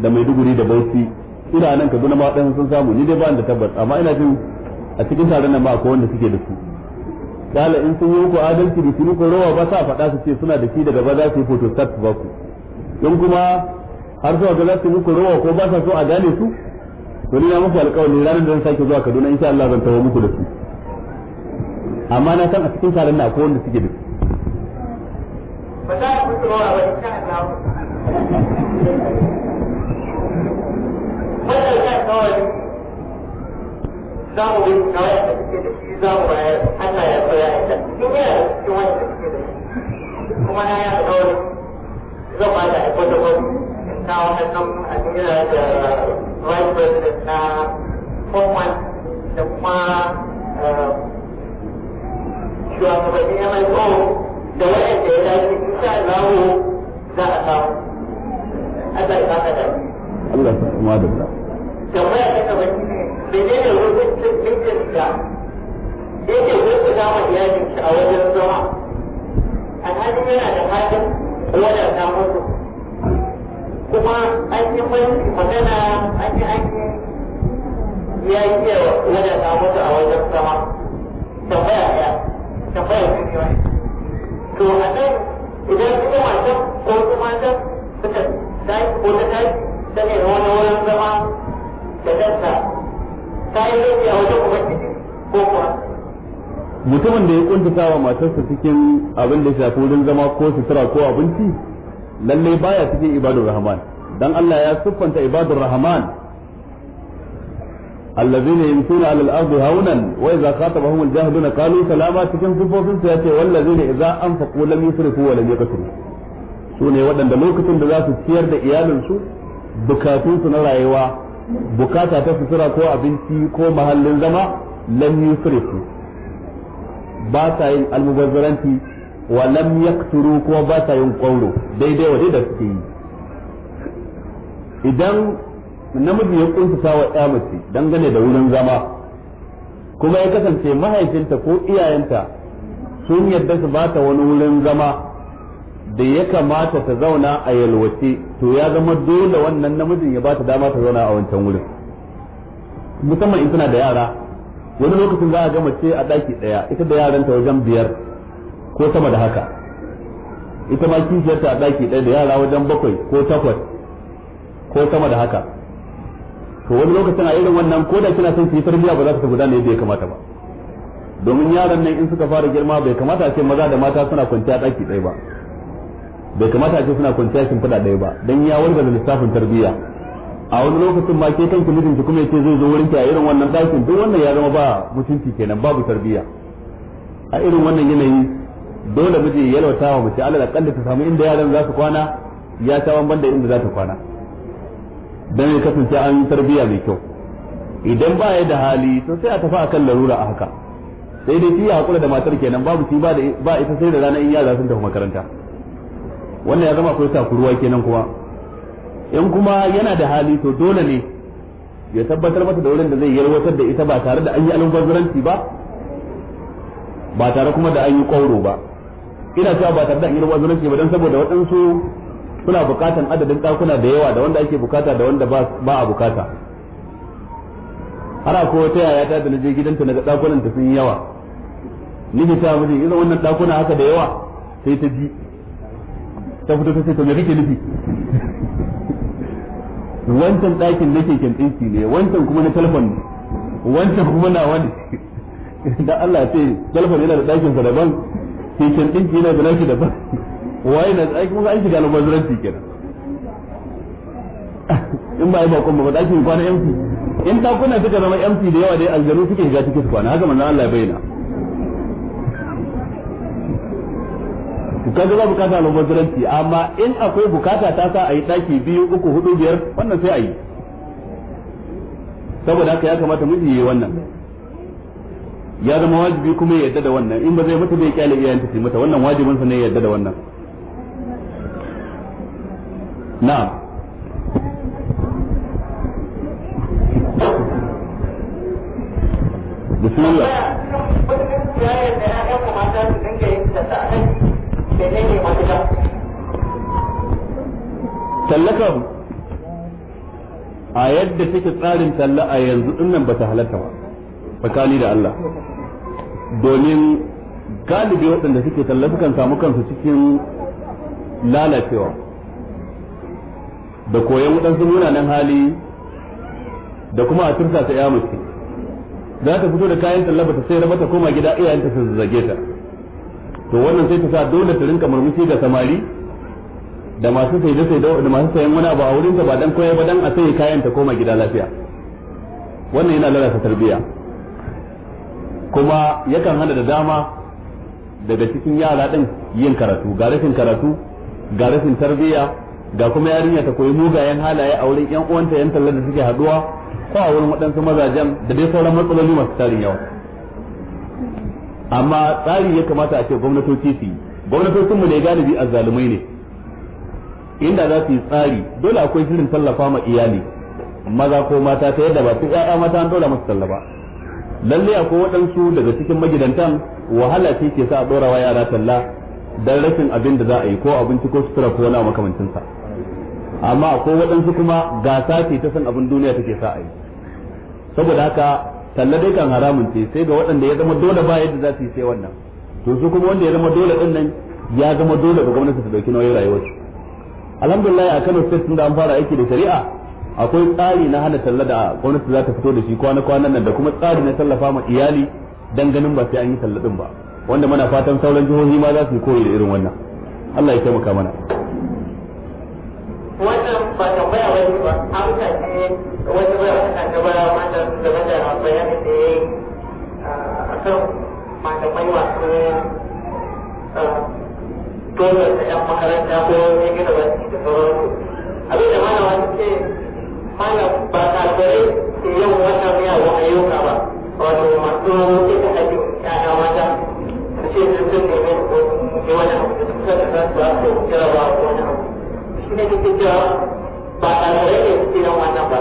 da Maiduguri da Bauchi ina nan Kaduna ma waɗansu sun samu ni dai ba da tabbas amma ina jin a cikin taron nan ma akwai wanda suke da su kala in sun yi ku adalci da shi ku rawa ba sa faɗa su ce suna da shi daga ba za su yi photo start ba ku in kuma har zuwa ga za su yi ku rawa ko ba sa so a gane su to ni na muku alƙawari ranar da zan sake zuwa Kaduna insha Allah zan tawo muku da su amma na san a cikin taron na akwai wanda suke da su ba za ku tsora ba insha Allah wannan kawai za mu yi kawai da suke da shi za mu bayar Allah ya a can duk ya da cikin wani da suke da kuma na ya kawai zan ba da aiko da wani na wannan a cikin da vice president na form da kuma shugabanni ya mai tsawo da wayanda ya dace insha Allah za a samu Allah ya baka da Allah ya kuma da Allah. ya ta gaba shi ne, menene rubutun da yake zurfi za mu iyalinsa a wajen zama alhalin yana da fatan wadata musu kuma an yi fahimci magana an yi an yi ya yi iya wadata musu a wajen zama tambaya ya tambaya ne ne to a nan idan kuma matan ko kuma matan suka tashi ko ta tashi ta ne wani wurin zama da danta ta yi laifi a wajen ubangiji ko kuma. mutumin da ya kuntata wa matarsa cikin abin da shafi wurin zama ko sutura ko abinci lalle baya cikin ibadur rahman dan Allah ya siffanta ibadur rahman allazina yamshuna alal ardi hawnan wa idza khatabahum aljahiluna qalu salama cikin sifofin sa yace wallazina idza anfaqu lam yusrifu wa lam yaqtiru su ne waɗanda lokacin da za su ciyar da iyalinsu su na rayuwa bukata ta sutura ko abinci ko mahallin zama lam yusrifu ba sa yin almubazzaranci wa lam yakturu kuma ba sa yin kwauro daidai wa da suke yi idan namiji ya kuntuta wa ya mace dangane da wurin zama kuma ya kasance mahaifinta ko iyayenta sun yarda su bata wani wurin zama da ya kamata ta zauna a yalwace to ya zama dole wannan namijin ya bata dama ta zauna a wancan wurin musamman in suna da yara wani lokacin za a ga mace a daki daya ita da yaranta wajen biyar ko sama da haka ita ma kishiyarta a daki daya da yara wajen bakwai ko takwas ko sama da haka to wani lokacin a irin wannan ko da kina son su yi tarbiyya ba za ta gudana da ya kamata ba domin yaran nan in suka fara girma bai kamata a ce maza da mata suna kwanciya daki ɗaya ba bai kamata a ce suna kwanciya shimfiɗa ɗaya ba don ya warga da lissafin tarbiyya a wani lokacin ma ke kanki mijinki kuma yace zai zo wurinki a irin wannan ɗakin duk wannan ya zama ba mutunci kenan babu tarbiyya a irin wannan yanayi dole miji ya yalwata wa mace da akalla ta samu inda yaran za su kwana ya ta wan banda inda za ta kwana dan ya kasance an yi tarbiyya mai kyau idan ba ya da hali to sai a tafi akan larura a haka sai dai ya hakura da matar kenan babu shi ba ita sai da ranar in yara sun tafi makaranta wannan ya zama akwai sa kenan kuma in kuma yana da hali to dole ne ya tabbatar mata da wurin da zai yalwatar da ita ba tare da an yi almubazzaranci ba ba tare kuma da an yi kwauro ba ina cewa ba tare da an yi almubazzaranci ba don saboda waɗansu suna bukatan adadin ɗakuna da yawa da wanda ake bukata da wanda ba a bukata har ko ta yaya ta da na je gidanta na ga ɗakunan ta sun yawa ni ke ta miji irin wannan ɗakuna haka da yawa sai ta ji ta fito ta ce to me kake nufi wancan ɗakin da ke kyantinki ne wancan kuma na telefon ne wancan kuma na wani da Allah ce telefon yana da ɗakin sa daban ke kyantinki yana da nashi daban waye na ɗakin kuma an shiga almazuranci kenan in ba yi ba ba ɗakin kwana yanki in ɗakuna suka zama yanki da yawa dai aljanu suke shiga cikin kwana haka manzon Allah ya bayyana kaga za bukata almubazzaranci amma in akwai bukata ta sa a yi daki biyu uku hudu biyar wannan sai a yi saboda haka ya kamata miji yayi wannan ya zama wajibi kuma ya yadda da wannan in ba zai mata bai kyale iyayen ta mata wannan wajibin sa ne ya yadda da wannan na. bismillah tallaka a yadda take tsarin talla a yanzu dinnan ba ta halatta ba tsakani da Allah domin galibi waɗanda suke talla sukan samu kansu cikin lalacewa da koyon waɗansu munanan hali da kuma a tursa ta ya za ta fito da kayan talla ba ta sai rabata koma gida iyayenta su zage ta to wannan sai ta sa dole ta rinka murmushi ga samari da masu sai da sai da masu sayan wani abu a wurin ta ba dan koyi ba dan a sai kayan ta koma gida lafiya wannan yana lalata tarbiyya kuma yakan hana da dama daga cikin yara din yin karatu ga rashin karatu ga rashin tarbiyya ga kuma yarinya ta koyi mugayen halaye a wurin yan uwanta yan talla da suke haduwa ko a wurin waɗansu mazajen da dai sauran matsaloli masu tarin yawa amma tsari ya kamata a ce gwamnatoci su yi gwamnatocin mu ne galibi a zalumai ne inda za su yi tsari dole akwai shirin tallafa ma iyali maza ko mata ta yadda ba su ƴaƴa mata an dora musu tallafa lalle akwai waɗansu daga cikin magidantan wahala ce ke sa a dora wa yara talla dan rashin abin da za a yi ko abinci ko sutura ko wani makamancin sa amma akwai waɗansu kuma gasa ce ta san abin duniya take sa a yi saboda haka talla dai kan haramun ce sai ga waɗanda ya zama dole ba yadda za su yi sai wannan to su kuma wanda ya zama dole din nan ya zama dole ga gwamnati ta dauki nauyin rayuwarsu alhamdulillah a Kano state tun da an fara aiki da shari'a akwai tsari na hana talla da gwamnati za ta fito da shi kwana kwanan nan da kuma tsari na tallafa ma iyali dan ganin ba sai an yi talla din ba wanda muna fatan sauran jihohi ma za su koyi da irin wannan Allah ya taimaka mana wannan ba tambaya wani ba amsa ce wata bai wata gaba mata game da bayanin da ya yi a kan malamai masu dole da yan makaranta ko ya gina wani da sauransu abin da mana wani ce mana ba kafirai ke yin wata miyawan ayyuka ba wato masu ita hajji ya'ya mata su ce sun ne ko ne wani abu da suka da za su ba su kira ba wani abu shi ne kuke cewa ba ɗalibai ne suke yin wannan ba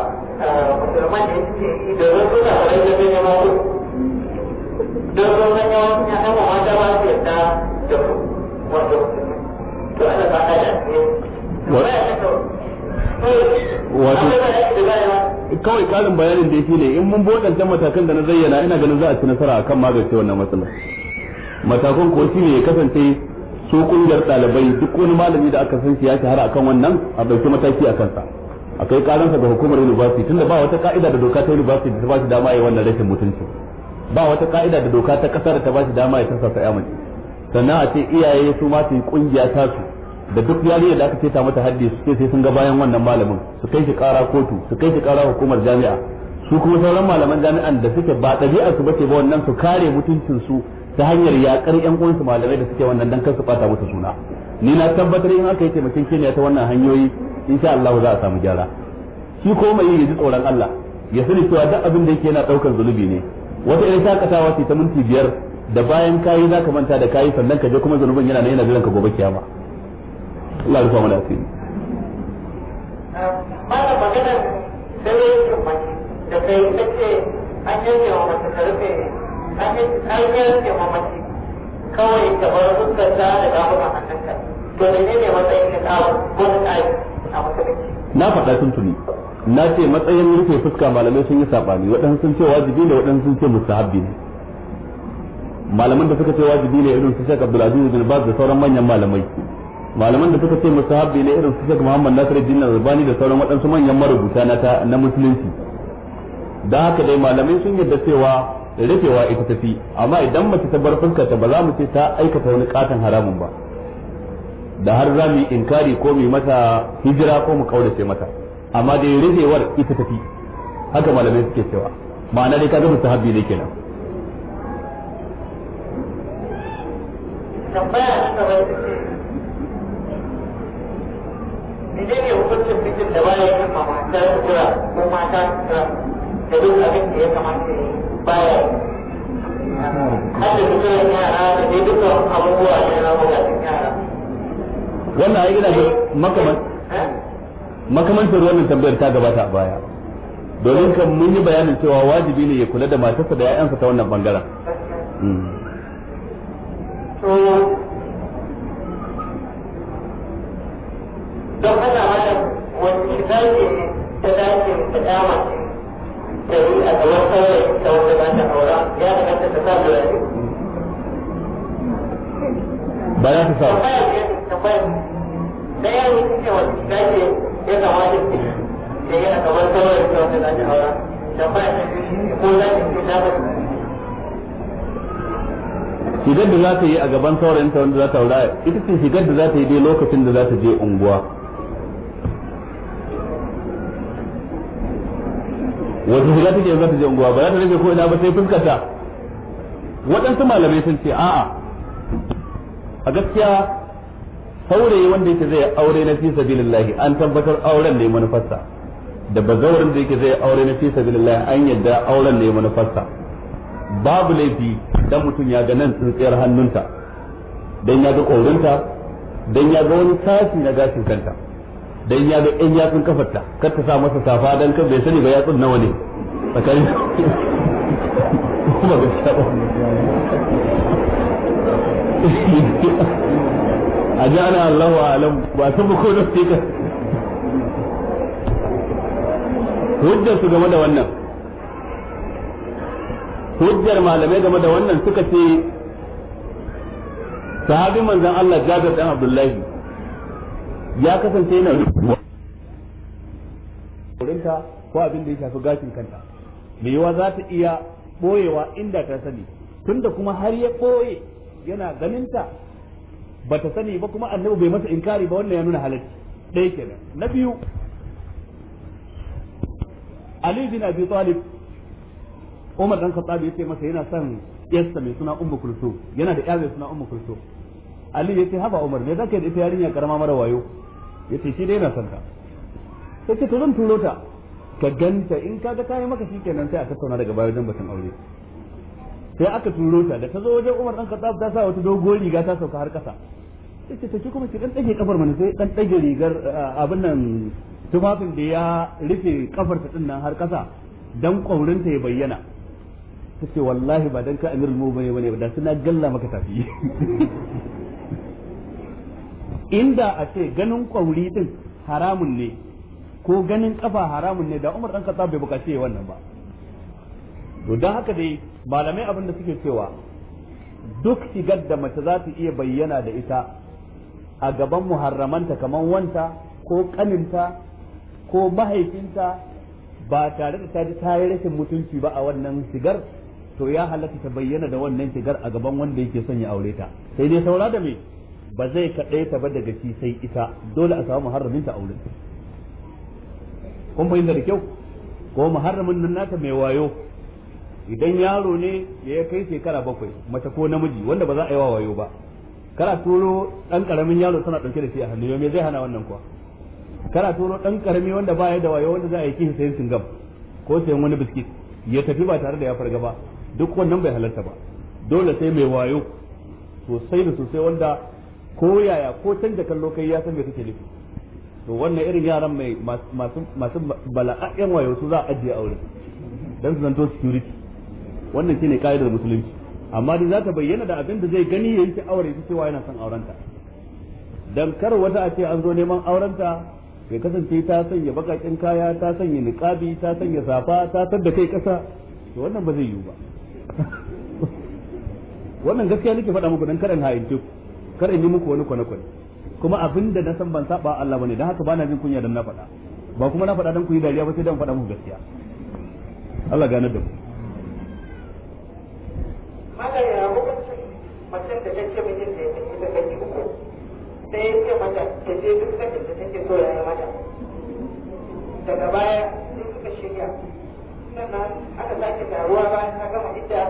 musulman ne suke yi domin suna da rai da neman su don sun san yawan ya kama mata ba su yadda da ku wanda to ana ba ɗaya ne wato kawai ƙarin bayanin da shi ne in mun bodancan matakan da na zayyana ina ganin za a ci nasara akan magance wannan matsalar matakan ko shi ne ya kasance su kungiyar ɗalibai duk wani malami da aka san shi ya shahara akan wannan a ɗauki mataki a kansa akai karansa ga hukumar university tunda ba wata ka'ida da doka ta university ta ba shi dama ya wannan rashin mutunci ba wata ka'ida da doka ta kasar ta ba shi dama ya tafasa ya mace sannan a ce iyaye su ma su yi kungiya ta su da duk yarinya da aka ce ta mata haddi su ce sai sun ga bayan wannan malamin su kai shi kara kotu su kai shi kara hukumar jami'a su kuma sauran malaman jami'an da suke ba ɗabi'ar su bace ba wannan su kare mutuncin su ta hanyar yakar yan uwansu malamai da suke wannan dan kansu su musu suna ni na tabbatar in aka yi taimakon keniya ta wannan hanyoyi insha Allah za a samu gyara shi ko mai yi ji tsoron Allah ya sani cewa duk abin da yake yana daukar zunubi ne wata irin sakatawa ce ta minti biyar da bayan kayi zaka manta da kayi sannan ka je kuma zanubin yana nan yana jiran ka gobe kiyama Allah ya rufa mana asiri da maganar sai da kai kace an yanke wa mace karfe kawai ka bar fuskar ta da to ne ne matsayin ka ko ta kai a musulunci na faɗa sun tuni na ce matsayin rufe fuska malamai sun yi saɓani waɗansu sun ce wajibi ne waɗansu sun ce mustahabbi ne malaman da suka ce wajibi ne irin su shek Abdulaziz bin Baz da sauran manyan malamai malaman da suka ce mustahabbi ne irin su shek Muhammad Nasiruddin Albani da sauran waɗansu manyan marubuta na na musulunci da haka dai malamai sun yadda cewa rufewa ita tafi amma idan mace ta bar fuskarta ba za mu ce ta aikata wani katon haramun ba da har za mu yi inkari ko mu yi mata hijira ko mu kaurace mata amma dai rufewar ita tafi haka malamai suke cewa ma'ana dai kaga mustahabbi ne kenan da baya da duk abin ya kamata ya yi baya hajji kuma yara da dai dukkan abubuwa ne na wadatun yara wannan ai ina makaman eh? makamancin wannan tambayar ta gabata a baya domin kan mun yi bayanin cewa wajibi ne ya kula da matarsa da 'ya'yansa ta wannan bangaren hmm. don haka mata wani misali ta dace ta dama da a gaban kawai ta wata za ta aura ya da kanta ta samu da ba za ta samu da ya yi suke wata ce ya kamata da yi a gaban kawai ta wata za ta aura tambaya ta biyu ko za ta ce ta shigar da za ta yi a gaban saurayinta wanda za ta aura ita ce shigar da za ta yi dai lokacin da za ta je unguwa wata hula take za ta je unguwa ba za ta rage ko ina ba sai fuskata waɗansu malamai sun ce a'a a gaskiya saurayi wanda yake zai aure na fi sabilillahi an tabbatar auren ne manufarsa da bazawarin da yake zai aure na fi sabilillahi an yadda auren ne manufarsa babu laifi dan mutum ya ga nan tsintsiyar hannunta dan ya ga korinta dan ya ga wani sashi na gashin kanta dan ya ga ɗan yatsun kafarta kar ta sa masa safa dan kan bai sani ba yatsun nawa ne tsakanin kuma a ji ana Allah wa alam ba su ba ko da ka hujjar su game da wannan hujjar malamai game da wannan suka ce sahabi manzan Allah Jabir dan Abdullahi ya kasance yana kurinta ko abin da ya shafi gashin kanta me yawa za ta iya boyewa inda ta sani tunda kuma har ya boye yana ganinta ba ta sani ba kuma annabi bai masa inkari ba wannan ya nuna halacci ɗaya kenan na biyu Ali bin Abi Talib Umar dan Khattab yace masa yana son yarsa mai suna Ummu Kulsum yana da yar mai suna Ummu Kulsum Ali yace haba Umar me zaka yi da ita yarinya karama mara wayo ce shi ne na son sai ce to zan turo ka ganta in ka ga kayan maka shikenan sai a tattauna daga baya wajen batun aure sai aka turo da ta zo wajen Umar dan Khattab ta sa wata dogon riga ta sauka har kasa sai ce to kuma ki dan dage kafar mana sai dan ɗage rigar abin nan tufafin da ya rufe kafar ta din nan har kasa dan ta ya bayyana ta ce wallahi ba dan ka amir mu bane bane ba da suna galla maka tafi inda a ce ganin kwauri din haramun ne ko ganin ƙafa haramun ne da Umar dan ƙasa bai yi wannan ba to dan haka dai malamai abin da suke cewa duk shigar da mace za ta iya bayyana da ita a gaban muharramanta kamar wanta ko kaninta ko mahaifinta ba tare da ta ji ta yi rashin mutunci ba a wannan shigar to ya halatta ta bayyana da wannan shigar a gaban wanda yake son ya aure ta sai dai saura da me ba zai kaɗai ta ba daga ci sai ita dole a samu muharramin ta aure kun fahimta da kyau ko muharramin nan nata mai wayo idan yaro ne ya kai shekara bakwai mace ko namiji wanda ba za a yi wa wayo ba kara turo dan karamin yaro tana dauke da shi a hannu me zai hana wannan kuwa kara turo dan karami wanda ba ya da wayo wanda za a yi kishi sayin singam ko sayan wani biskit ya tafi ba tare da ya farga ba duk wannan bai halarta ba dole sai mai wayo sosai da sosai wanda ko yaya ko canza kallo kai ya san me kake nufi to wannan irin yaran mai masu masu bala'a'yan wayo su za a ajiye aure dan su zanto security wannan shine kaidar musulunci amma dai za ta bayyana da abin da zai gani ya yanke aure ita cewa yana son aurenta dan kar wata a ce an zo neman aurenta ya kasance ta sanya bakakin kaya ta sanya niqabi ta sanya safa ta tadda kai kasa to wannan ba zai yiwu ba wannan gaskiya nake faɗa muku dan karan hayance ku kar in yi muku wani kwane kwane kuma abin da na san ban saba Allah bane dan haka ba na jin kunya dan na faɗa ba kuma na faɗa dan ku yi dariya ba sai dan faɗa muku gaskiya Allah gane da mu ya hukunci mutum da take mijin da ya tafi da kake uku sai ya ce mata ta je duk sakin da take so ya yi mata daga baya sai suka shirya sannan aka sake taruwa bayan ta gama idda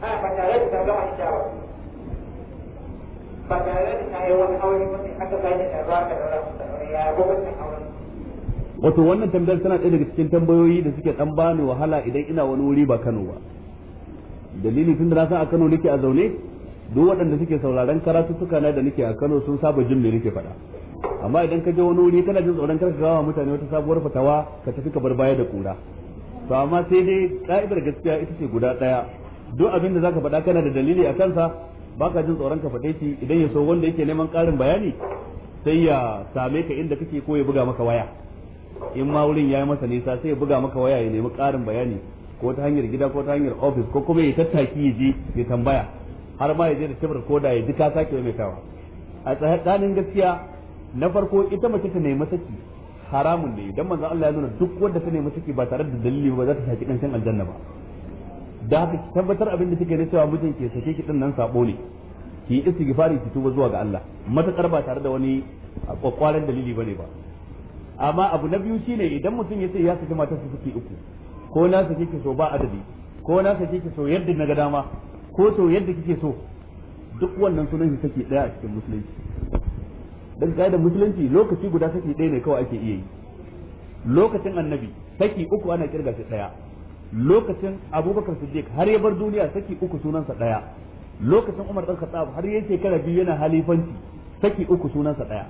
a ba tare da ta gama idda ba wato wannan tambayar tana ɗaya daga cikin tambayoyi da suke ɗan bani wahala idan ina wani wuri ba Kano ba dalili tun da na san a Kano nake a zaune duk waɗanda suke sauraron karatu suka na da nake a Kano sun saba jin me nake faɗa amma idan ka je wani wuri kana jin tsoron karka gawa mutane wata sabuwar fatawa ka tafi ka bar baya da kura to amma sai dai ka'idar gaskiya ita ce guda ɗaya duk abin da zaka faɗa kana da dalili a kansa baka jin tsoron ka faɗe shi idan ya so wanda yake neman ƙarin bayani sai ya same ka inda kake ko ya buga maka waya in ma wurin yayi masa nisa sai ya buga maka waya ya nemi ƙarin bayani ko ta hanyar gida ko ta hanyar ofis ko kuma ya tattaki ya je ya tambaya har ma ya je da tabar da ya ji ka sake mai tawa a tsakanin gaskiya na farko ita mace ta nemi saki haramun ne idan manzo Allah ya nuna duk wanda ta nemi saki ba tare da dalili ba za ta saki kancin aljanna ba da haka tabbatar abin da kike da cewa mijin ke sake ki nan sabo ne ki yi istighfari ki tuba zuwa ga Allah matakar ba tare da wani kwakwaren dalili bane ba amma abu na biyu shine idan mutum ya ce ya saki su suke uku ko na sake ki so ba adadi ko na sake ki so yadda na ga dama ko so yadda kike so duk wannan sunan shi saki daya a cikin musulunci dan da musulunci lokaci guda saki daya ne kawai ake iya yi lokacin annabi saki uku ana kirga shi daya lokacin abubakar siddiq har ya bar duniya saki uku sunansa daya lokacin umar dan khattab har ya shekara biyu yana halifanci saki uku sunansa daya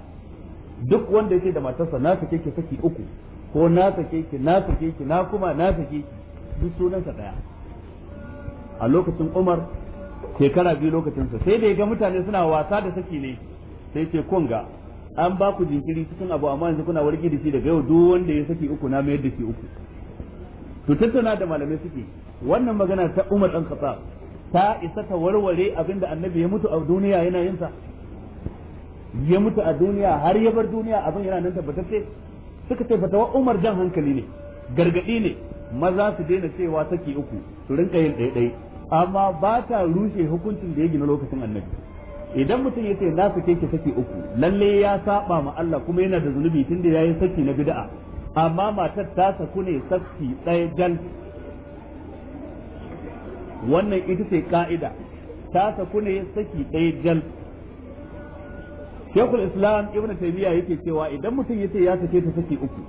duk wanda yake da matarsa na sake ki saki uku ko na sake ki na sake ki na kuma na sake ki duk sunansa daya a lokacin umar shekara biyu lokacinsa sai da ya ga mutane suna wasa da saki ne sai ce konga an ba ku jinkiri cikin abu amma yanzu kuna wargi da shi daga yau duk wanda ya saki uku na mayar da shi uku to tattauna da malamai suke wannan magana ta Umar dan Khattab ta isa ta warware abinda annabi ya mutu a duniya yana yin sa ya mutu a duniya har ya bar duniya abin yana nan tabbatacce suka ce fatawa Umar jan hankali ne gargadi ne maza su daina cewa saki uku su rinka yin ɗaiɗai amma ba ta rushe hukuncin da ya gina lokacin annabi idan mutum ya ce na sake ki saki uku lalle ya saba ma Allah kuma yana da zunubi tunda yayi saki na bid'a amma matar ta saku ne sassi ɗaya gal wannan ita ce ka'ida ta saku ne saki ɗaya gal shekul islam ibn taymiya yake cewa idan mutum yace ya sake ta saki uku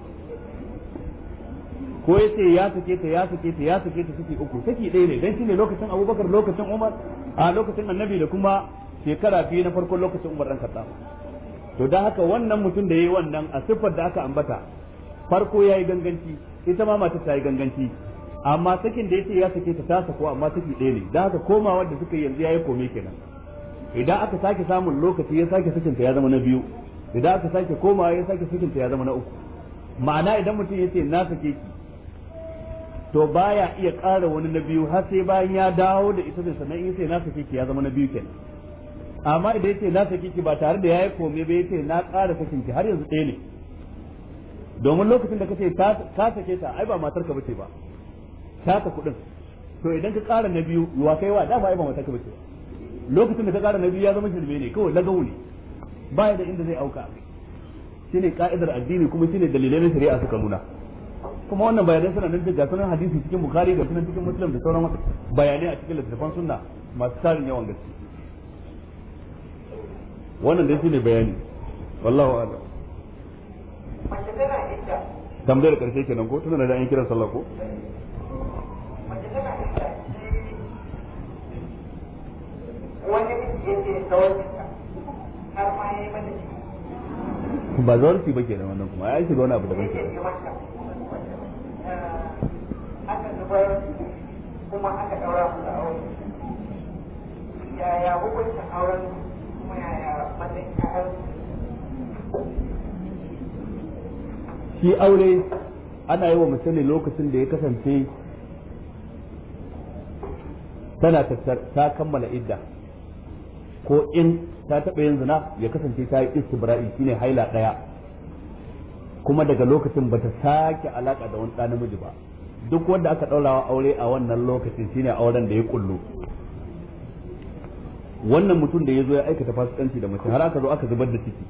ko yace ya sake ta ya sake ta ya sake ta saki uku saki ɗaya ne dan shine lokacin abubakar lokacin umar a lokacin annabi da kuma shekara biyu na farkon lokacin umar dan kaddam to dan haka wannan mutum da yayi wannan a sifar da aka ambata farko yayi ganganci ita ma mata ta yi ganganci amma sakin da yake ya sake ta ta ko amma saki ɗaya ne da haka komawar da suka yanzu yayi kome kenan idan aka sake samun lokaci ya sake sakin ta ya zama na biyu idan aka sake komawa ya sake sakin ta ya zama na uku ma'ana idan mutum yace na sake ki to baya iya ƙara wani na biyu har sai bayan ya dawo da ita da sannan in sai na sake ki ya zama na biyu kenan amma idan yace na sake ki ba tare da yayi kome ba yace na ƙara sakin ki har yanzu ɗaya ne domin lokacin da kace ka sake ta ai ba matar ka bace ba ta ka kudin to idan ka ƙara na biyu wa kai wa dafa ai ba matar ka bace lokacin da ka ƙara na biyu ya zama shirme ne kawai lagawu gauni ba da inda zai auka shine ka'idar addini kuma shine dalilai na shari'a suka nuna kuma wannan bayanai suna nan da sunan hadisi cikin bukhari da sunan cikin muslim da sauran bayanai a cikin littafan sunna masu tarin yawan gaske wannan dai shine bayani wallahu a'lam tambayar karshe kenan ko tana da an kiran sallah ko ba zawarci ba kenan wannan kuma ya shiga wani abu da ke eh, aka kuma aka daura aure yaya hukunta auren kuma yaya matsayin shi aure ana yi wa mace ne lokacin da ya kasance tana ta kammala idda ko in ta taɓa yin zina ya kasance ta yi istibra'i shine haila ɗaya kuma daga lokacin bata sake alaka da wani namiji ba duk wanda aka ɗaurawa aure a wannan lokacin shine auren da ya kullu wannan mutum da ya zo ya aikata fasikanci da mace har aka zo aka zubar da ciki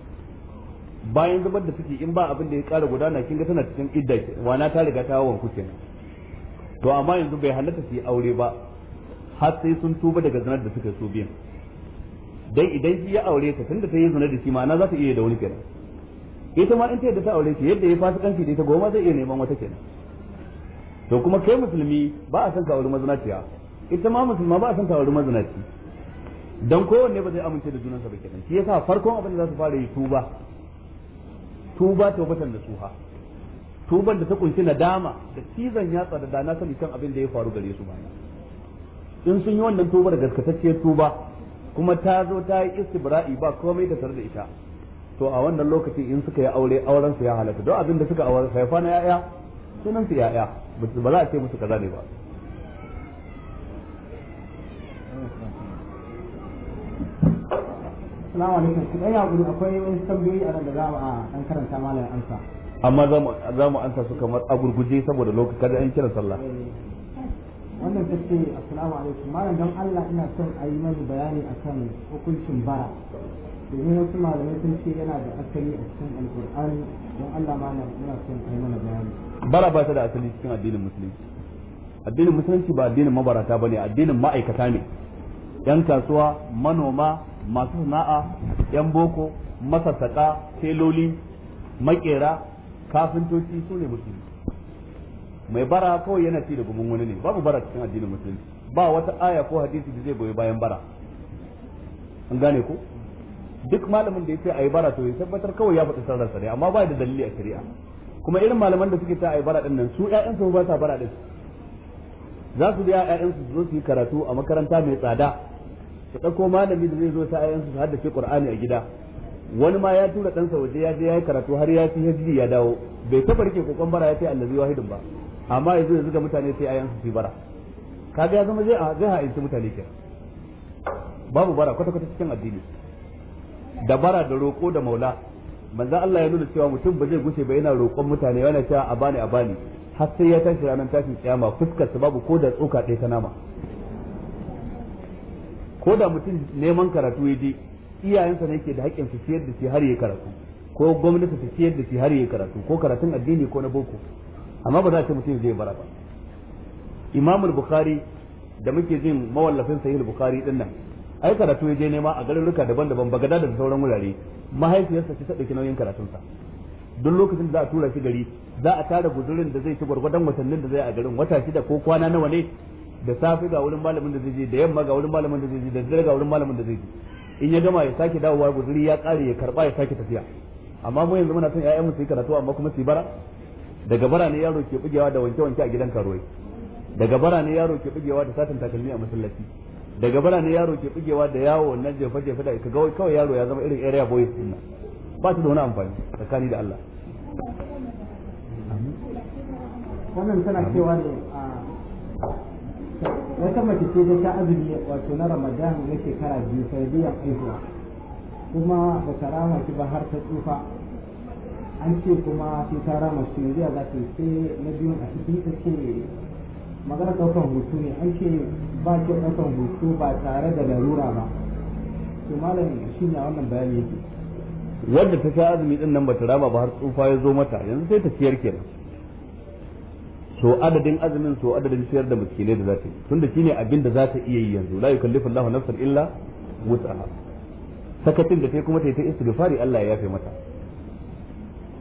bayan zubar da suke in ba abin da ya ƙara gudana kin ga tana cikin idda wana ta riga ta wanku kenan to amma yanzu bai halatta su yi aure ba har sai sun tuba daga zinar da suka so biyan dan idan shi ya aure ta tunda ta yi zinar da shi ma'ana za ta iya da wani kenan ita ma in ta yadda ta aure shi yadda ya kanki da ita goma zai iya neman wata kenan to kuma kai musulmi ba a san ka aure mazinaciya ita ma musulma ba a san ka aure mazinaci dan kowanne ba zai amince da junansa ba kenan shi yasa farkon abin da za su fara yi tuba tuba ta da suha tuban da ta kunshi nadama da cizon yatsa da na sani kan abin da ya faru gare su bana in sun yi wannan tubar gaskatacciyar tuba kuma ta zo ta yi istibra'i ba komai ta tare da ita to a wannan lokacin in suka yi aure auren su ya halatta don abin da suka aure fa na yaya sunan su yaya ba za a ce musu kaza ne ba Assalamu alaikum. Kuma ya gudu akwai wani tambayoyi a nan da za a karanta malamin amsa. Amma za mu amsa su kamar a gurguje saboda lokaci kada an kira sallah. Eh, wannan ta ce assalamu alaikum malam don Allah ina son a yi mani bayani akan hukuncin bara. Domin da a cikin Alƙur'ani don Allah Bara ba ta da asali cikin addinin musulunci. Addinin musulunci ba addinin mabarata ba ne addinin ma'aikata ne. 'Yan kasuwa, manoma, masu sana'a yan boko masassaka teloli makera kafintoci su ne musulmi mai bara kawai yana ci da gumin wani ne babu bara cikin addinin musulmi ba wata aya ko hadisi da zai goyi bayan bara an gane ko duk malamin da ya ce a yi bara to ya tabbatar kawai ya faɗi sararsa ne amma ba da dalili a shari'a kuma irin malaman da suke ta a yi bara ɗin nan su ƴaƴansu ba sa bara ɗin za su biya ƴaƴansu su zo su yi karatu a makaranta mai tsada su ɗauko malami da zai zo ta ayansu su haddace qur'ani a gida wani ma ya tura ɗansa waje ya je ya yi karatu har ya ci hajji ya dawo bai taɓa rike kokon bara ya ce allazi wahidin ba amma yanzu ya zuga mutane sai ayansu su bara kaga ya zama zai ha'inci mutane ke babu bara kwata kwata cikin addini da bara da roƙo da maula manzo Allah ya nuna cewa mutum ba zai gushe ba yana roƙon mutane yana cewa a bani a bani har sai ya tashi ranar tashin kiyama fuskar su babu ko da tsoka ɗaya ta nama ko da mutum neman karatu ya je iyayensa ne ke da haƙƙin su siyar da shi har ya karatu ko gwamnati su siyar da shi har ya karatu ko karatun addini ko na boko amma ba za a ce mutum zai bara ba imam bukhari da muke jin mawallafin sahih bukhari din nan ai karatu ya je nema a garuruka daban-daban bagada da sauran wurare mahaifiyarsa ce ta ɗauki nauyin karatunsa duk lokacin da za a tura shi gari za a tara guzurin da zai ci gwargwadon watannin da zai a garin wata shida ko kwana nawa ne da safe ga wurin malamin da zai je da yamma ga wurin malamin da zai je da dare ga wurin malamin da zai je in ya gama ya sake dawowa guzuri ya kare ya karba ya sake tafiya amma mu yanzu muna son ƴaƴan mu su yi karatu amma kuma su bara daga bara ne yaro ke bugewa da wanke wanke a gidan karuwai daga bara ne yaro ke bugewa da satin takalmi a masallaci daga bara ne yaro ke bugewa da yawo na jefa jefa da kaga kawai yaro ya zama irin area boy din ba su da wani amfani tsakani da Allah wannan tana cewa ne a ah, wata mace ce ta azumi wato na ramadan na shekara biyu sanadiyar aihuwa kuma ba ta rama shi ba har ta tsufa an ce kuma sai ta rama shi yanzu za ta sai na biyun a cikin ta ce magana ɗaukan hutu ne an ce ba ke ɗaukan hutu ba tare da larura ba to malam shi ne wannan bayani yake wadda ta sha azumi din nan ba ta rama ba har tsufa ya zo mata yanzu sai ta ciyar kenan so adadin azumin so adadin ciyar da miskinai da za ta yi tunda shine abin da za ta iya yi yanzu la yukallifu Allahu nafsan illa wus'aha sakatin da kai kuma ta yi ta istighfari Allah ya yafe mata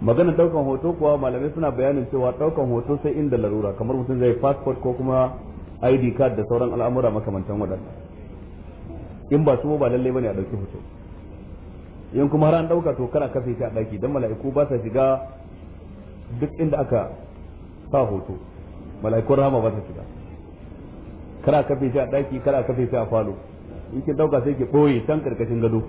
maganar daukan hoto kuwa malamai suna bayanin cewa daukan hoto sai inda larura kamar mutum zai passport ko kuma ID card da sauran al'amura makamantan waɗannan in ba su ba lallai bane a dauki hoto in kuma har an dauka to kana kafe shi a daki dan mala'iku ba sa shiga duk inda aka sa hoto mala'ikun rahama ba ta shiga kara kafe shi a daki kara kafe shi a falo in kin dauka sai ki boye can karkashin gado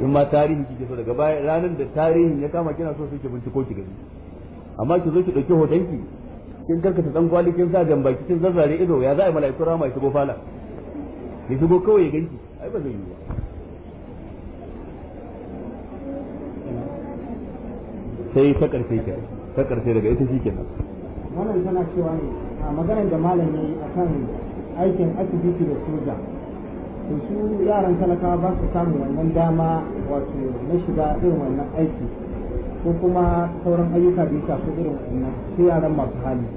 in ma tarihi kike so daga baya ranar da tarihin ya kama kina so sai ki binciko ki gani amma ki zo ki dauki hotonki kin karkata dan kwali kin sa jamba kin zazzare ido ya zai mala'ikun rahama ya shigo fala ya shigo kawai ya ganki ai ba zai yi ba sai ta karshe ta karshe daga ita shi kenan wannan tana cewa ne a maganar da malami a kan aikin asibiti da soja to su yaran talakawa ba su samu wannan dama wato na shiga irin wannan aiki ko kuma sauran ayyuka da ya su irin wannan su yaran masu hali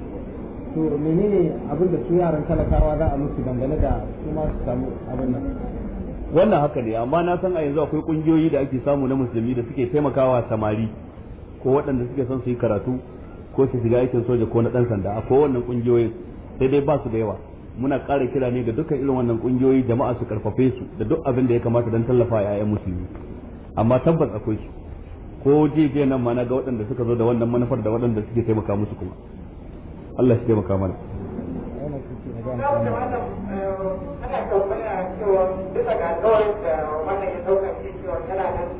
to menene abin da su yaran talakawa za a musu dangane da su ma su samu abin nan wannan haka ne amma na san a yanzu akwai kungiyoyi da ake samu na musulmi da suke taimakawa samari ko waɗanda suke son su yi karatu ko su shiga aikin soja ko na dan sanda a wannan kungiyoyin sai dai ba su da yawa muna ƙara kira ne ga dukkan irin wannan kungiyoyi jama'a su karfafe su da duk abin da ya kamata don tallafa yayan musulmi amma tabbas akwai su ko jeje nan ma na ga waɗanda suka zo da wannan manufar da waɗanda suke taimaka musu kuma Allah shi taimaka mana ana tambaya cewa bisa ga da wannan ya cewa tana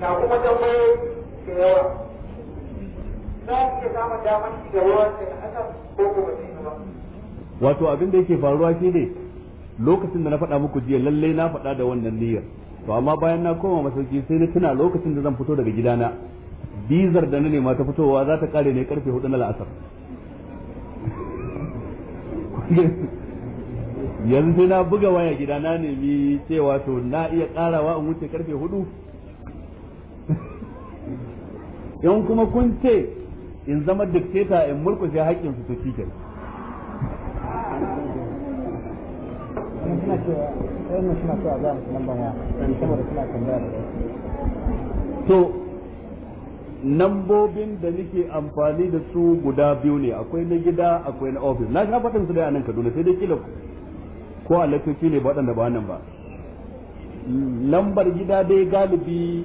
na kuma tambayoyi da yawa za su iya samun damar shi da yawan da aka ko kuma ba ba wato abin da yake faruwa shi ne lokacin da na faɗa muku jiya lalle na faɗa da wannan niyyar to amma bayan na koma masauki sai na tuna lokacin da zan fito daga gidana bizar da na nema ta fitowa za ta kare ne karfe hudu na la'asar yanzu sai na buga waya gida na nemi cewa to na iya karawa in wuce karfe hudu in kuma kun ce in zama dictator in murkushe hakkin su to shikenan to nambobin da nake amfani da su guda biyu ne akwai na gida akwai na ofis na sha su da nan kaduna sai dai kila ko a ne ba waɗanda ba nan ba lambar gida dai galibi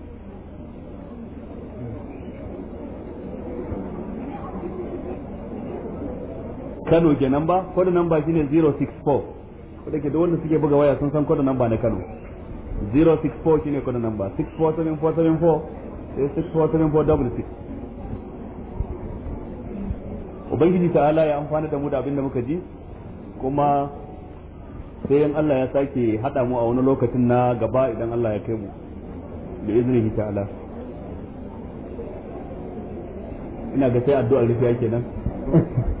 Kano ke nan ba kodin nan ba shi ne 064 ko ke da wanda suke buga waya sun san kodin nan ba na Kano 064 shi ne kodin namba 647474 sai 647466 ubangiji ta'ala ya amfana da mu da abin da muka ji kuma sai yin Allah ya sake hada mu a wani lokacin na gaba idan Allah ya kai mu da ta ta'ala ina ga sai addu'ar rufiya kenan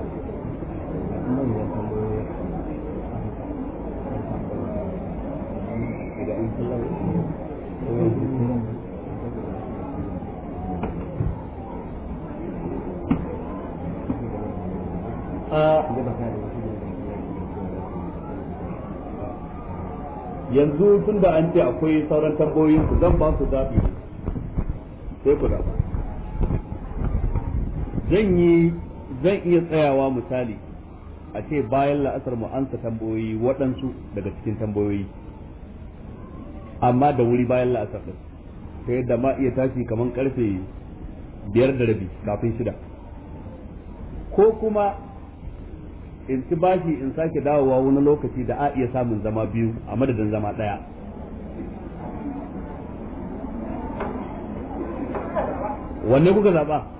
yanzu tun da an ce akwai sauran tambayoyin ku zan ba su zafi sai ku zaba zan yi zan iya tsayawa misali a ce bayan la'asar mu ansa tambayoyi waɗansu daga cikin tambayoyi amma da wuri bayan la'asar ɗin ta yadda ma iya tashi kamar karfe biyar da rabi kafin shida ko kuma in ci bashi in sake dawowa wani lokaci da a iya samun zama biyu a madadin zama ɗaya wanne kuka zaɓa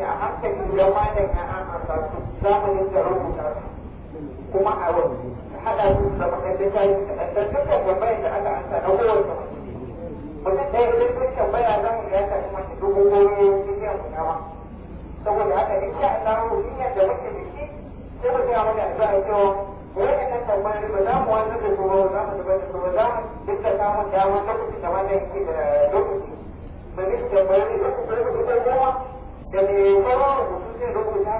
a hankali idan malam ya amsa su rubuta su kuma a wani haɗa su da makaddata yi kaɗan tambayar da aka amsa na kowace mutum mutum ɗaya idan kun tambaya za mu ya dubu goma mu saboda haka in sha Allah mu muke da shi sai mu ga a cewa wani kan tambayar ba za mu da su ba za mu da ba za mu duk da samun lokacin da yake da lokaci ba zai tambayar da su ba da goma da mai kwaron rubutu zai rubuta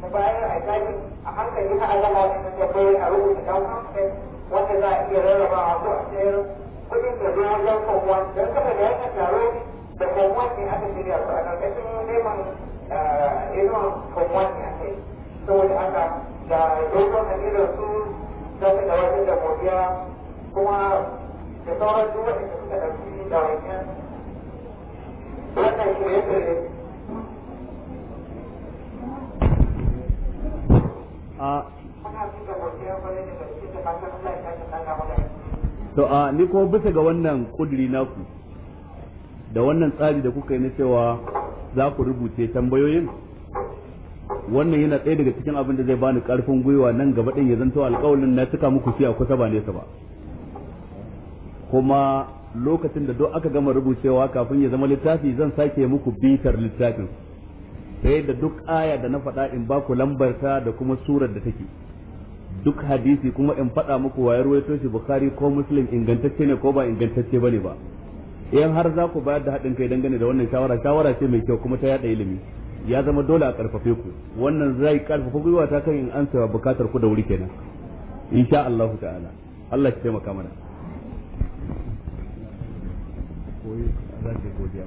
ta bayan a tafi a hankali har Allah ya tabbai a rubuta ta payment wanda za a iya rarrabawa ko a sayar kuɗin da zai wajen kwamwan don saboda yana taro da kwamwan ne aka shirya su a ƙarƙashin neman inuwan kwamwan ne a kai saboda haka da dogon hanyar su don su gabatar da godiya kuma da sauran duk waɗanda suka ɗauki ɗawainiyar wannan shirye-shirye to a ni ko bisa ga wannan kudiri naku da wannan tsari da kuka yi na cewa za ku rubuce tambayoyin wannan yana ɗaya daga cikin abin da zai bani karfin gwiwa nan gaba ɗin ya zanto alƙawalin na cika muku shi a kusa ba nesa ba kuma lokacin da duk aka gama rubucewa kafin ya zama littafi zan sake muku bitar littafin ta yadda duk aya da na faɗa in ba ku ta da kuma surar da take duk hadisi kuma in faɗa muku wayar ruwaito shi bukari ko muslim ingantacce ne ko ba ingantacce bane ba in har za ku bayar da haɗin kai dangane da wannan shawara shawara ce mai kyau kuma ta yaɗa ilimi ya zama dole a karfafe ku wannan zai karfafa gwiwa ta kan in ansa bukatar ku da wuri kenan insha Allah ta'ala Allah ki taimaka mana za godiya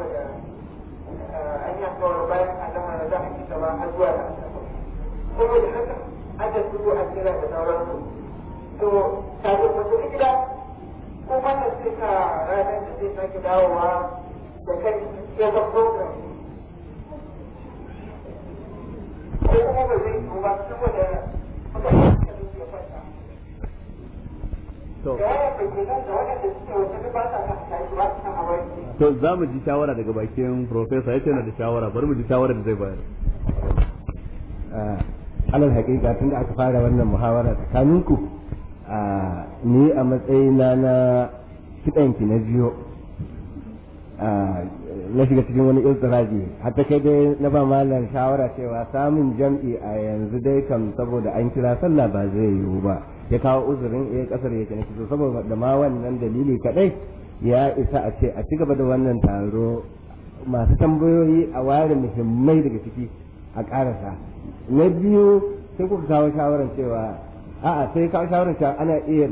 saboda eh, an yi kawar bayan alama da za a ci zuwa da saboda haka fito a kira da sauransu to ko ka da zai sake da kuma ba zai yi saboda mutane da suke kwanta to to za mu ji shawara daga bakin professor yace na da shawara bari mu ji shawara da zai bayar alal hakika tun da aka fara wannan muhawara tsakaninku ni a matsayina na kiɗanki na biyo na shiga cikin wani iltiraji hatta kai dai na ba malam shawara cewa samun jam'i a yanzu dai kam saboda an kira sallah ba zai yiwu ba ya kawo uzurin ya kasar ya kenan to saboda da ma wannan dalili kadai ya isa a ce a cigaba da wannan taro masu tambayoyi a ware muhimmai daga ciki a karasa na biyu sai kuka kawo shawarar cewa a'a sai kawo shawarar cewa ana iya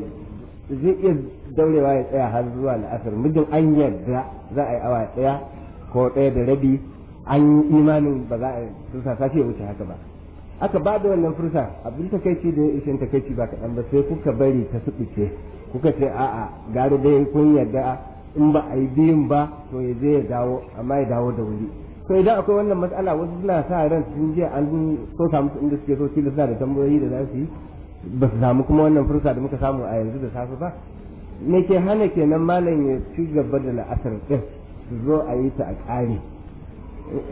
zai iya daurewa ya tsaya har zuwa la'asar mijin an yadda za a yi awa ɗaya ko ɗaya da rabi an imanin ba za a tusa sashi ya wuce haka ba aka ba da wannan fursa abin takaici da ya ishe takaici ba kaɗan ba sai kuka bari ta suɓuce kuka ce a'a gari dai kun yarda in ba a yi biyun ba to ya je ya dawo amma ya dawo da wuri to idan akwai wannan matsala wasu suna sa ran sun je an so samu inda suke so kila suna da tambayoyi da za su yi ba su samu kuma wannan fursa da muka samu a yanzu da safe ba me ke hana kenan malam ya ci gaba da la'asar din su zo a yi ta a ƙare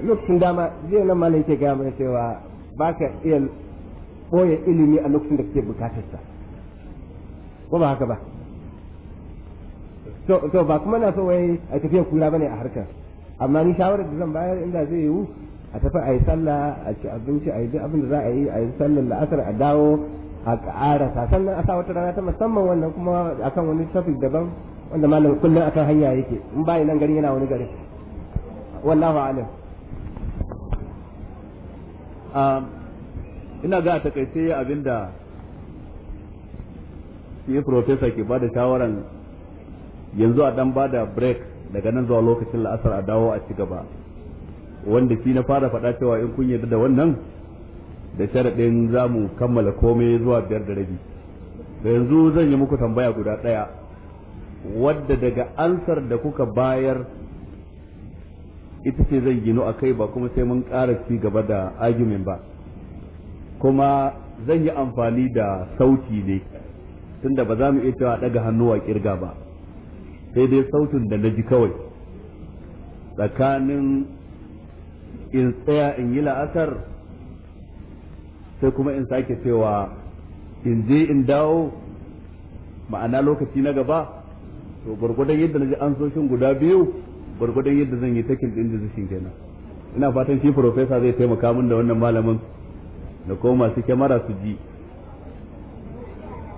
lokacin dama zai nan malam yake gaya mana cewa ba ka iya ɓoye ilimi a lokacin da kake sa ko ba haka ba to ba kuma na so wai a tafiya kura bane a harkar amma ni shawarar da zan bayar inda zai yiwu a tafi a yi sallah a ci abinci a yi duk abin da za a yi a yi sallar la'asar a dawo a ƙarasa sannan a sa wata rana ta musamman wannan kuma akan wani topic daban wanda malam kullum akan hanya yake in bayi nan gari yana wani gari wallahu alam Um, ina ga a takaice abinda shi professor ke ba da shawaran yanzu a dan bada break daga nan zuwa lokacin la'asar a dawo a ci gaba wanda shi na fara faɗa cewa in kun yarda da wannan da sharaɗin za mu kammala komai zuwa biyar da rabi da yanzu zan yi muku tambaya guda ɗaya wadda daga ansar da kuka bayar ita ce zai gino a kai ba kuma sai mun ƙara ci gaba da argument ba kuma zan yi amfani da sauti ne tunda ba za mu iya cewa daga hannuwa kirga ba sai dai sautin da na ji kawai tsakanin in tsaya in yi la'asar sai kuma in sake cewa in je in dawo ma'ana lokaci na gaba to gwargwadon yadda na ji ansoshin guda biyu gwargwadon yadda zan yi takin din decision kenan ina fatan shi profesa zai taimaka min da wannan malamin da ko masu kyamara su ji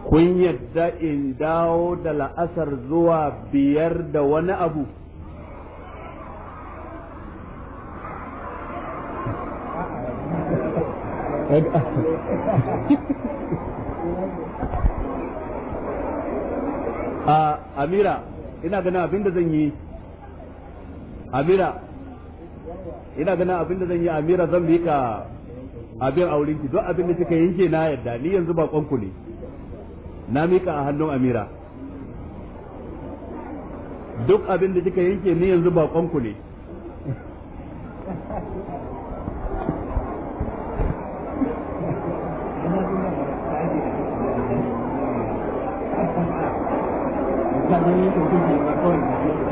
kun yadda in dawo da la'asar zuwa biyar da wani abu a ah, amira ina ganin abinda zan yi amira ina ganin abin da zan yi amira zan mika abin auren ki duk abin da kika yanke na yadda ni yanzu ba ku ne na mika a hannun amira duk abin da kika yanke ni yanzu ba ku ne Thank you.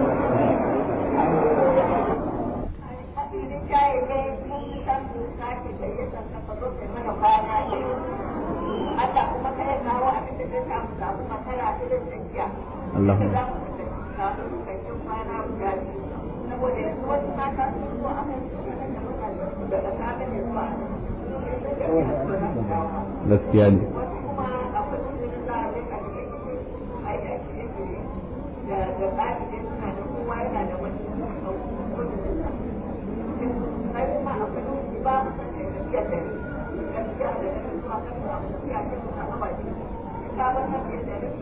Allah gaskiya ne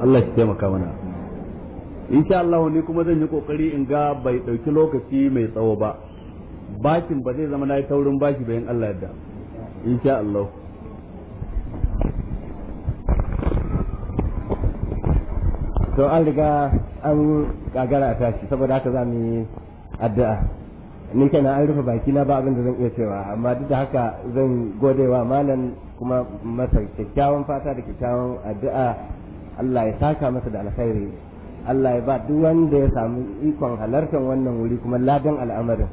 Allah shi taimaka mana insha Allah ne kuma zan yi kokari in ga bai ɗauki lokaci mai tsawo ba bakin ba zai zama na yi taurin baki bayan Allah yadda insha Allah to an riga an gagara a tashi saboda haka za mu yi addu'a ni kenan an rufe baki na ba abin da zan iya cewa amma duk da haka zan gode wa malam kuma masa kyakkyawan fata da kyakkyawan addu'a Allah ya saka masa da alkhairi Allah ya ba duk wanda ya samu ikon halartar wannan wuri kuma ladan al'amarin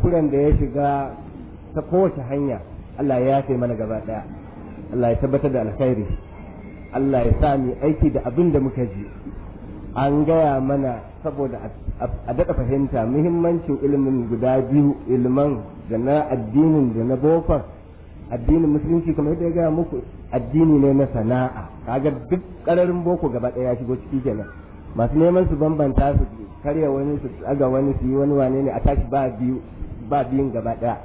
kuskuren da ya shiga ta kowace hanya Allah ya yafe mana gaba daya Allah ya tabbatar da alkhairi Allah ya sami aiki da abin da muka ji an gaya mana saboda a daɗa fahimta muhimmancin ilimin guda biyu ilman da na addinin da na bokon addinin musulunci kamar yadda ya gaya muku addini ne na sana'a kaga duk ƙararin boko gaba ɗaya ya shigo ciki kenan masu neman su bambanta su karya wani su tsaga wani su yi wani wane ne a tashi ba biyu ba biyun gaba ɗaya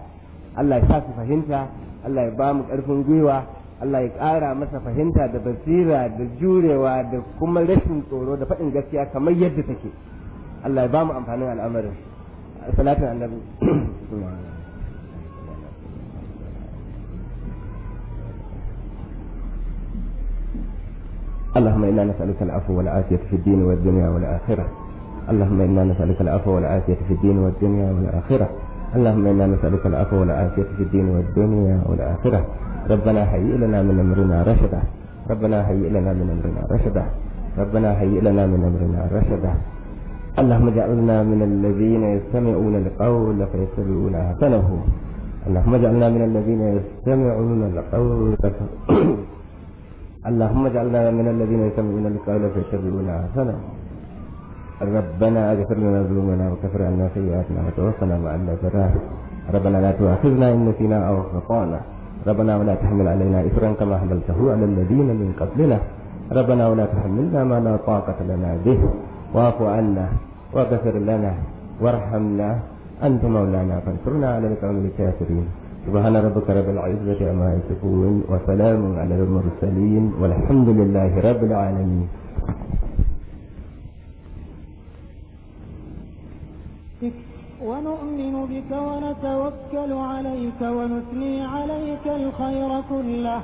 Allah ya sa su fahimta Allah ya ba mu ƙarfin gwiwa Allah ya ƙara masa fahimta da basira da jurewa da kuma rashin tsoro da faɗin gaskiya kamar yadda take Allah ya ba mu amfanin al'amarin salatin annabi اللهم انا نسالك العفو والعافيه في الدين والدنيا والاخره اللهم انا نسالك العفو والعافيه في الدين والدنيا والاخره اللهم إنا نسألك العفو والعافية في الدين والدنيا والآخرة ربنا هيئ لنا من أمرنا رشدا ربنا هيئ لنا من أمرنا رشدا ربنا هيئ لنا من أمرنا رشدا اللهم اجعلنا من الذين يستمعون القول فيتبعون أحسنه اللهم اجعلنا من الذين يستمعون القول اللهم اجعلنا من الذين يستمعون القول فيتبعون أحسنه ربنا اغفر لنا ذنوبنا وكفر عنا سيئاتنا وتوفنا مع الابرار ربنا لا تؤاخذنا ان نسينا او اخطانا ربنا ولا تحمل علينا اثرا كما حملته على الذين من قبلنا ربنا ولا تحملنا ما لا طاقه لنا به واعف عنا واغفر لنا وارحمنا انت مولانا فانصرنا على القوم الكافرين سبحان ربك رب العزه عما يصفون وسلام على المرسلين والحمد لله رب العالمين ونؤمن بك ونتوكل عليك ونثني عليك الخير كله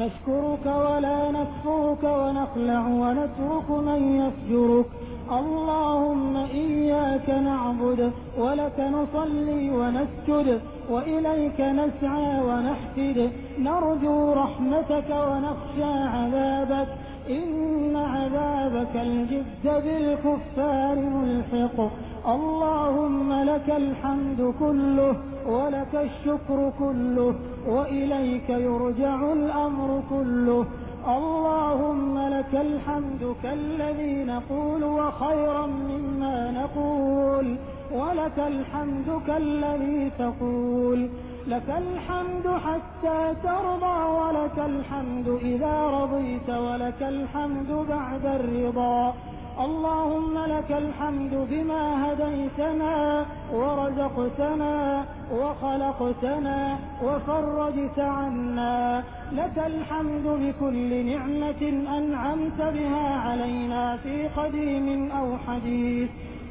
نشكرك ولا نكفرك ونخلع ونترك من يفجرك اللهم إياك نعبد ولك نصلي ونسجد وإليك نسعى ونحفد نرجو رحمتك ونخشى عذابك إن عذابك الجد بالكفار ملحق اللهم لك الحمد كله ولك الشكر كله وإليك يرجع الأمر كله اللهم لك الحمد كالذي نقول وخيرا مما نقول ولك الحمد كالذي تقول لك الحمد حتى ترضى ولك الحمد إذا رضيت ولك الحمد بعد الرضا اللهم لك الحمد بما هديتنا ورزقتنا وخلقتنا وفرجت عنا لك الحمد بكل نعمة أنعمت بها علينا في قديم أو حديث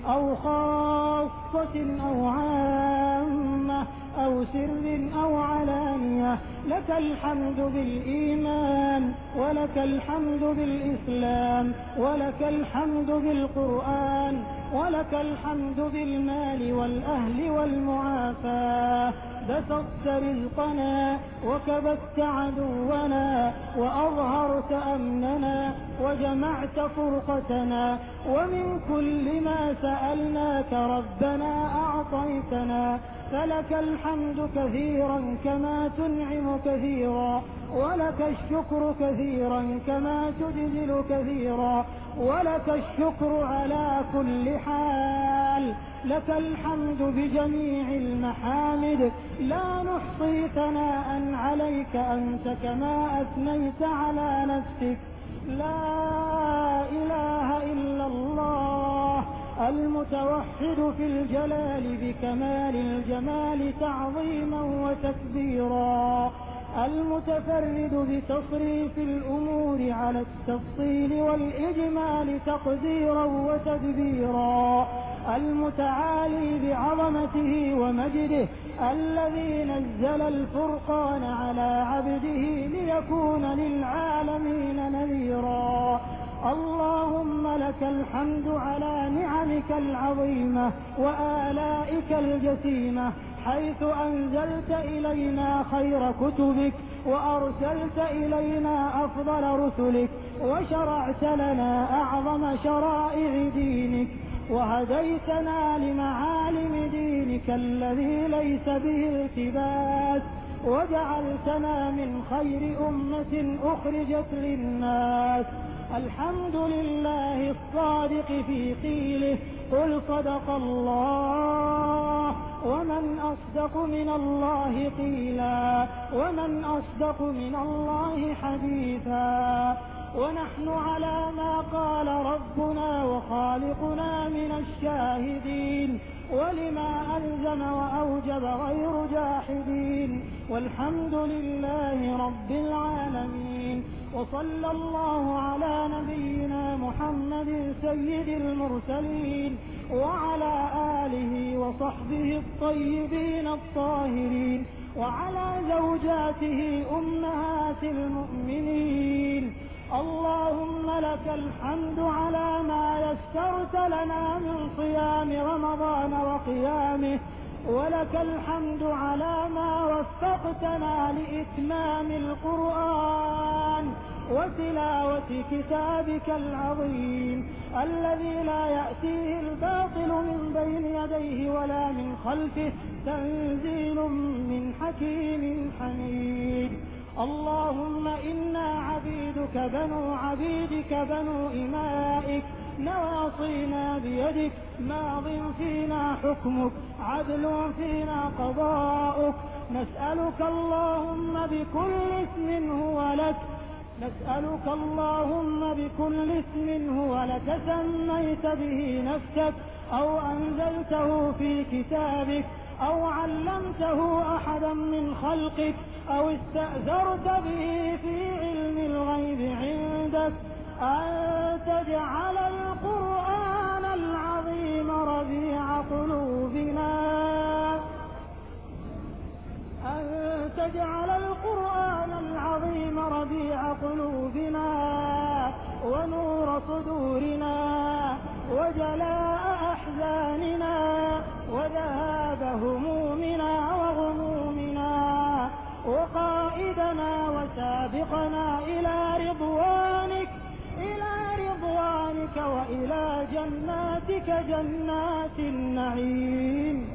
أو خاصة أو عامة أو سر أو علانية لك الحمد بالإيمان ولك الحمد بالإسلام ولك الحمد بالقرآن ولك الحمد بالمال والأهل والمعافاة بسطت رزقنا وكبست عدونا وأظهرت أمننا وجمعت فرقتنا ومن كل ما سألناك ربنا أعطيتنا فلك الحمد كثيرا كما تنعم كثيرا ولك الشكر كثيرا كما تجزل كثيرا ولك الشكر على كل حال لك الحمد بجميع المحامد لا نحصي ثناء عليك أنت كما أثنيت على نفسك لا إله إلا الله المتوحد في الجلال بكمال الجمال تعظيما وتكبيرا المتفرد بتصريف الأمور على التفصيل والإجمال تقديرا وتدبيرا المتعالي بعظمته ومجده الذي نزل الفرقان على عبده ليكون للعالمين نذيرا اللهم لك الحمد على نعمك العظيمة وآلائك الجسيمة حيث أنزلت إلينا خير كتبك وأرسلت إلينا أفضل رسلك وشرعت لنا أعظم شرائع دينك وهديتنا لمعالم دينك الذي ليس به التباس وجعلتنا من خير أمة أخرجت للناس الحمد لله الصادق في قيله قل صدق الله ومن أصدق من الله قيلا ومن أصدق من الله حديثا ونحن على ما قال ربنا وخالقنا من الشاهدين ولما ألزم وأوجب غير جاحدين والحمد لله رب العالمين وصلى الله على نبينا محمد سيد المرسلين وعلى آله وصحبه الطيبين الطاهرين وعلى زوجاته أمهات المؤمنين اللهم لك الحمد على ما يسرت لنا من صيام رمضان وقيامه ولك الحمد على ما وفقتنا لإتمام القرآن وتلاوة كتابك العظيم الذي لا يأتيه الباطل من بين يديه ولا من خلفه تنزيل من حكيم حميد اللهم إنا عبيدك بنو عبيدك بنو إمائك نواصينا بيدك ماض فينا حكمك عدل فينا قضاؤك نسألك اللهم بكل اسم هو لك نسألك اللهم بكل اسم هو لك سميت به نفسك أو أنزلته في كتابك أو علمته أحدا من خلقك أو استأثرت به في علم الغيب عندك أن تجعل القرآن العظيم ربيع قلوبنا أن تجعل القرآن العظيم ربيع قلوبنا ونور صدورنا وجلاء أحزاننا وذهاب همومنا وغمومنا وقائدنا وسابقنا إلى رضوانك ذلك وإلى جناتك جنات النعيم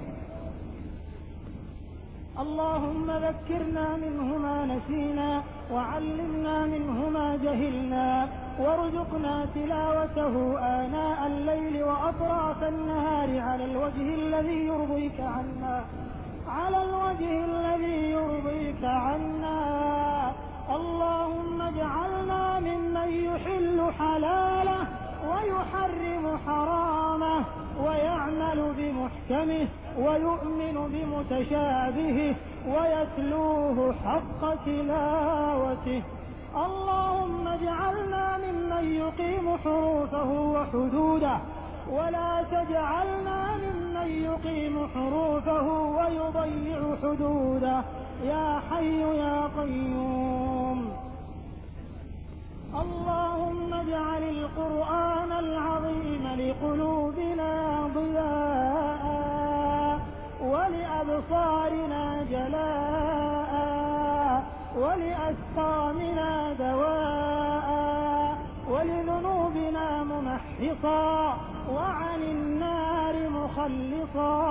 اللهم ذكرنا منه ما نسينا وعلمنا منه ما جهلنا وارزقنا تلاوته آناء الليل وأطراف النهار على الوجه الذي يرضيك عنا على الوجه الذي يرضيك عنا اللهم اجعلنا ممن يحل حلاله ويحرم حرامه ويعمل بمحكمه ويؤمن بمتشابهه ويتلوه حق تلاوته اللهم اجعلنا ممن يقيم حروفه وحدوده ولا تجعلنا ممن يقيم حروفه ويضيع حدوده يا حي يا قيوم اللهم اجعل القرآن العظيم لقلوبنا ضياء ولأبصارنا جلاء ولأسقامنا دواء ولذنوبنا ممحصا وعن النار مخلصا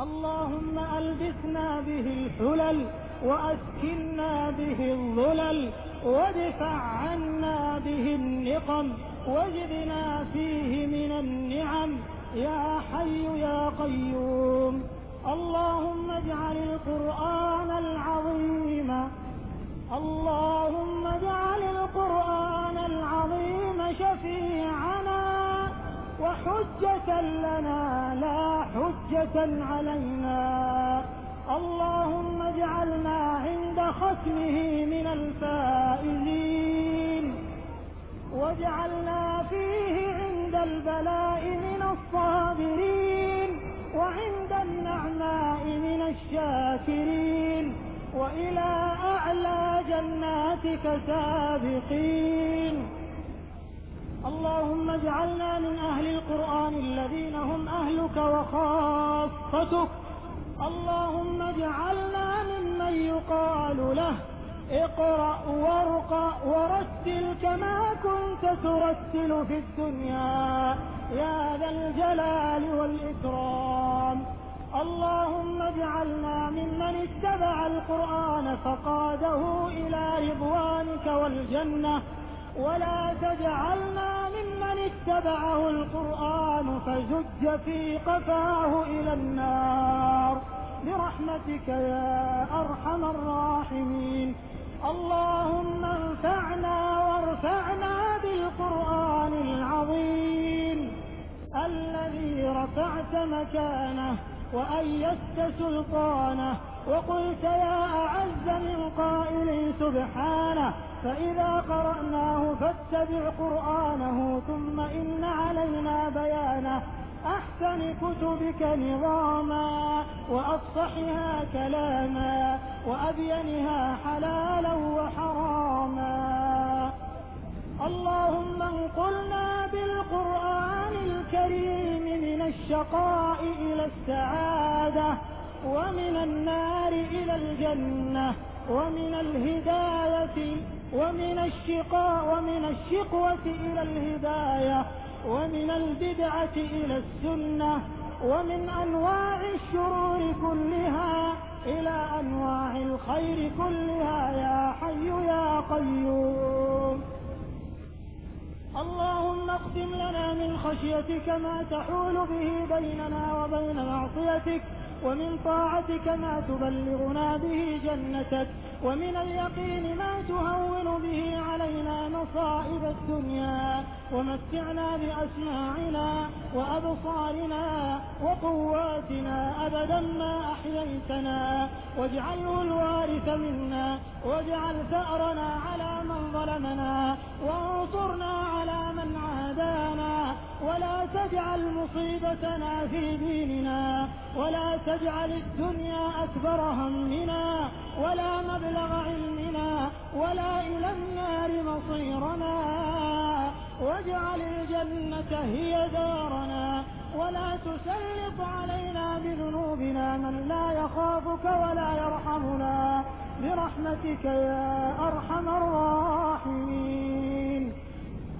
اللهم ألبسنا به الحلل وأسكنا به الظلل وادفع عنا به النقم واجدنا فيه من النعم يا حي يا قيوم اللهم اجعل القرآن العظيم اللهم اجعل القرآن العظيم شفيعنا وحجة لنا لا حجة علينا اللهم اجعلنا عند ختمه من الفائزين واجعلنا فيه عند البلاء من الصابرين وعند النعماء من الشاكرين وإلى أعلى جناتك سابقين اللهم اجعلنا من أهل القرآن الذين هم أهلك وخاصتك اللهم اجعلنا ممن يقال له اقرأ وارقى ورتل كما كنت ترتل في الدنيا يا ذا الجلال والإكرام اللهم اجعلنا ممن اتبع القرآن فقاده إلى رضوانك والجنة ولا تجعلنا ممن اتبعه القرآن فزج في قفاه إلى النار برحمتك يا أرحم الراحمين اللهم انفعنا وارفعنا بالقرآن العظيم الذي رفعت مكانه وأيدت سلطانه وقلت يا أعز من قائل سبحانه فإذا قرأناه فاتبع قرآنه ثم إن علينا بيانه أحسن كتبك نظاما وأفصحها كلاما وأبينها حلاما إلى السعادة ومن النار إلى الجنة ومن الهداية ومن الشقاء ومن الشقوة إلى الهداية ومن البدعة إلى السنة ومن أنواع الشرور كلها إلى أنواع الخير كلها يا حي يا قيوم اللهم اقسم لنا من خشيتك ما تحول به بيننا وبين معصيتك ومن طاعتك ما تبلغنا به جنتك ومن اليقين ما تهون به علينا مصائب الدنيا ومتعنا بأسماعنا وأبصارنا وقواتنا أبدا ما أحييتنا واجعله الوارث منا واجعل ثأرنا على من ظلمنا وانصرنا على من عادنا هدانا ولا تجعل مصيبتنا في ديننا ولا تجعل الدنيا أكبر همنا ولا مبلغ علمنا ولا إلى النار مصيرنا واجعل الجنة هي دارنا ولا تسلط علينا بذنوبنا من لا يخافك ولا يرحمنا برحمتك يا أرحم الراحمين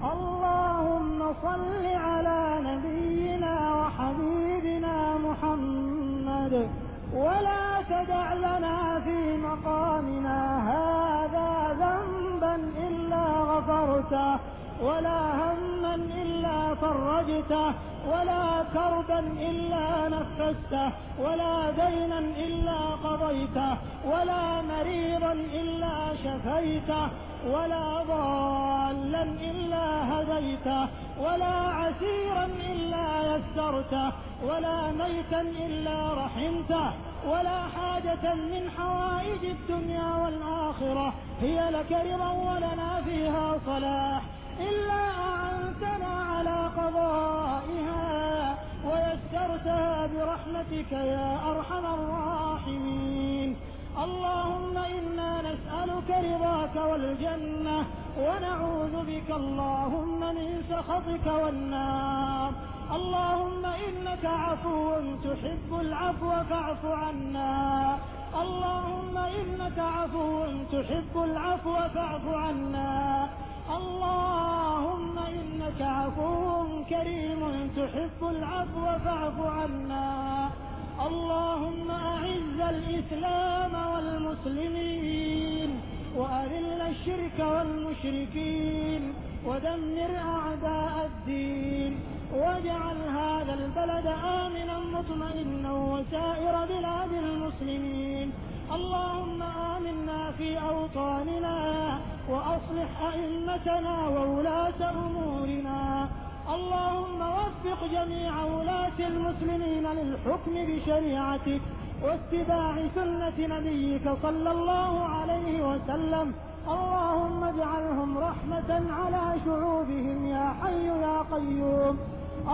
اللهم صل على نبينا وحبيبنا محمد ولا تدع لنا في مقامنا هذا ذنبا إلا غفرته ولا هما إلا فرجته ولا كربا إلا نفسته ولا دينا إلا قضيته ولا مريضا إلا شفيته ولا ضالا إلا هديته ولا عسيرا إلا يسرته ولا ميتا إلا رحمته ولا حاجة من حوائج الدنيا والآخرة هي لك رضا ولنا فيها صلاح إلا أعنتنا على قضائها ويسرتها برحمتك يا أرحم الراحمين اللهم إنا نسألك رضاك والجنة ونعوذ بك اللهم من سخطك والنار اللهم إنك عفو تحب العفو فاعف عنا اللهم إنك عفو تحب العفو فاعف عنا اللهم إنك عفو كريم تحب العفو فاعف عنا اللهم أعز الإسلام والمسلمين وأذل الشرك والمشركين ودمر أعداء الدين واجعل هذا البلد آمنا مطمئنا وسائر بلاد المسلمين اللهم آمنا في أوطاننا وأصلح أئمتنا وولاة أمورنا اللهم وفق جميع ولاة المسلمين للحكم بشريعتك واتباع سنة نبيك صلى الله عليه وسلم اللهم اجعلهم رحمة على شعوبهم يا حي يا قيوم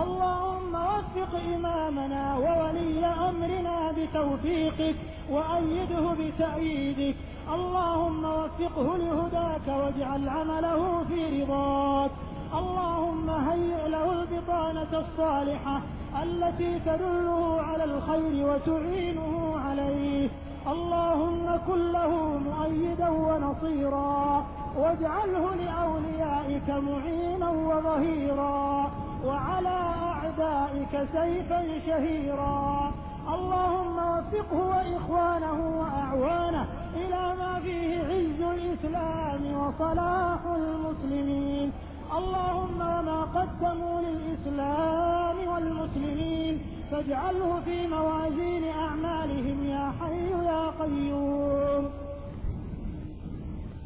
اللهم وفق إمامنا وولي أمرنا بتوفيقك وأيده بتأييدك اللهم وفقه لهداك واجعل عمله في رضاك اللهم هيئ له البطانة الصالحة التي تدله على الخير وتعينه عليه اللهم كن له مؤيدا ونصيرا واجعله لأوليائك معينا وظهيرا وعلى أعدائك سيفا شهيرا اللهم وفقه وإخوانه وأعوانه إلى ما فيه عز الإسلام وصلاح المسلمين اللهم وما قدموا للإسلام والمسلمين فاجعله في موازين أعمالهم يا حي يا قيوم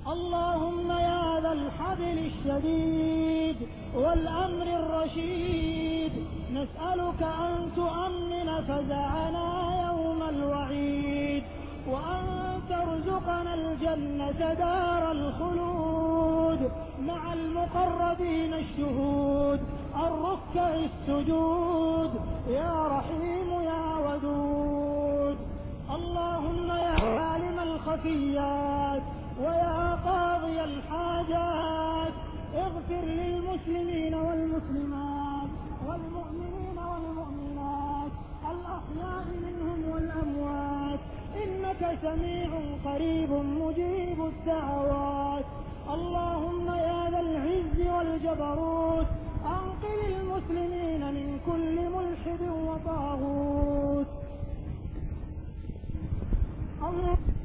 اللهم يا ذا الحبل الشديد والأمر الرشيد نسألك أن تؤمن فزعنا يوم الوعيد وأن ترزقنا الجنة دار الخلود مع المقربين الشهود الركع السجود يا رحيم يا ودود اللهم يا عالم الخفيات ويا قاضي الحاجات اغفر للمسلمين والمسلمات والمؤمنين والمؤمنات الأحياء منهم والأموات إنك سميع قريب مجيب الدعوات اللهم يا ذا العز والجبروت أنقل المسلمين من كل ملحد وطاغوت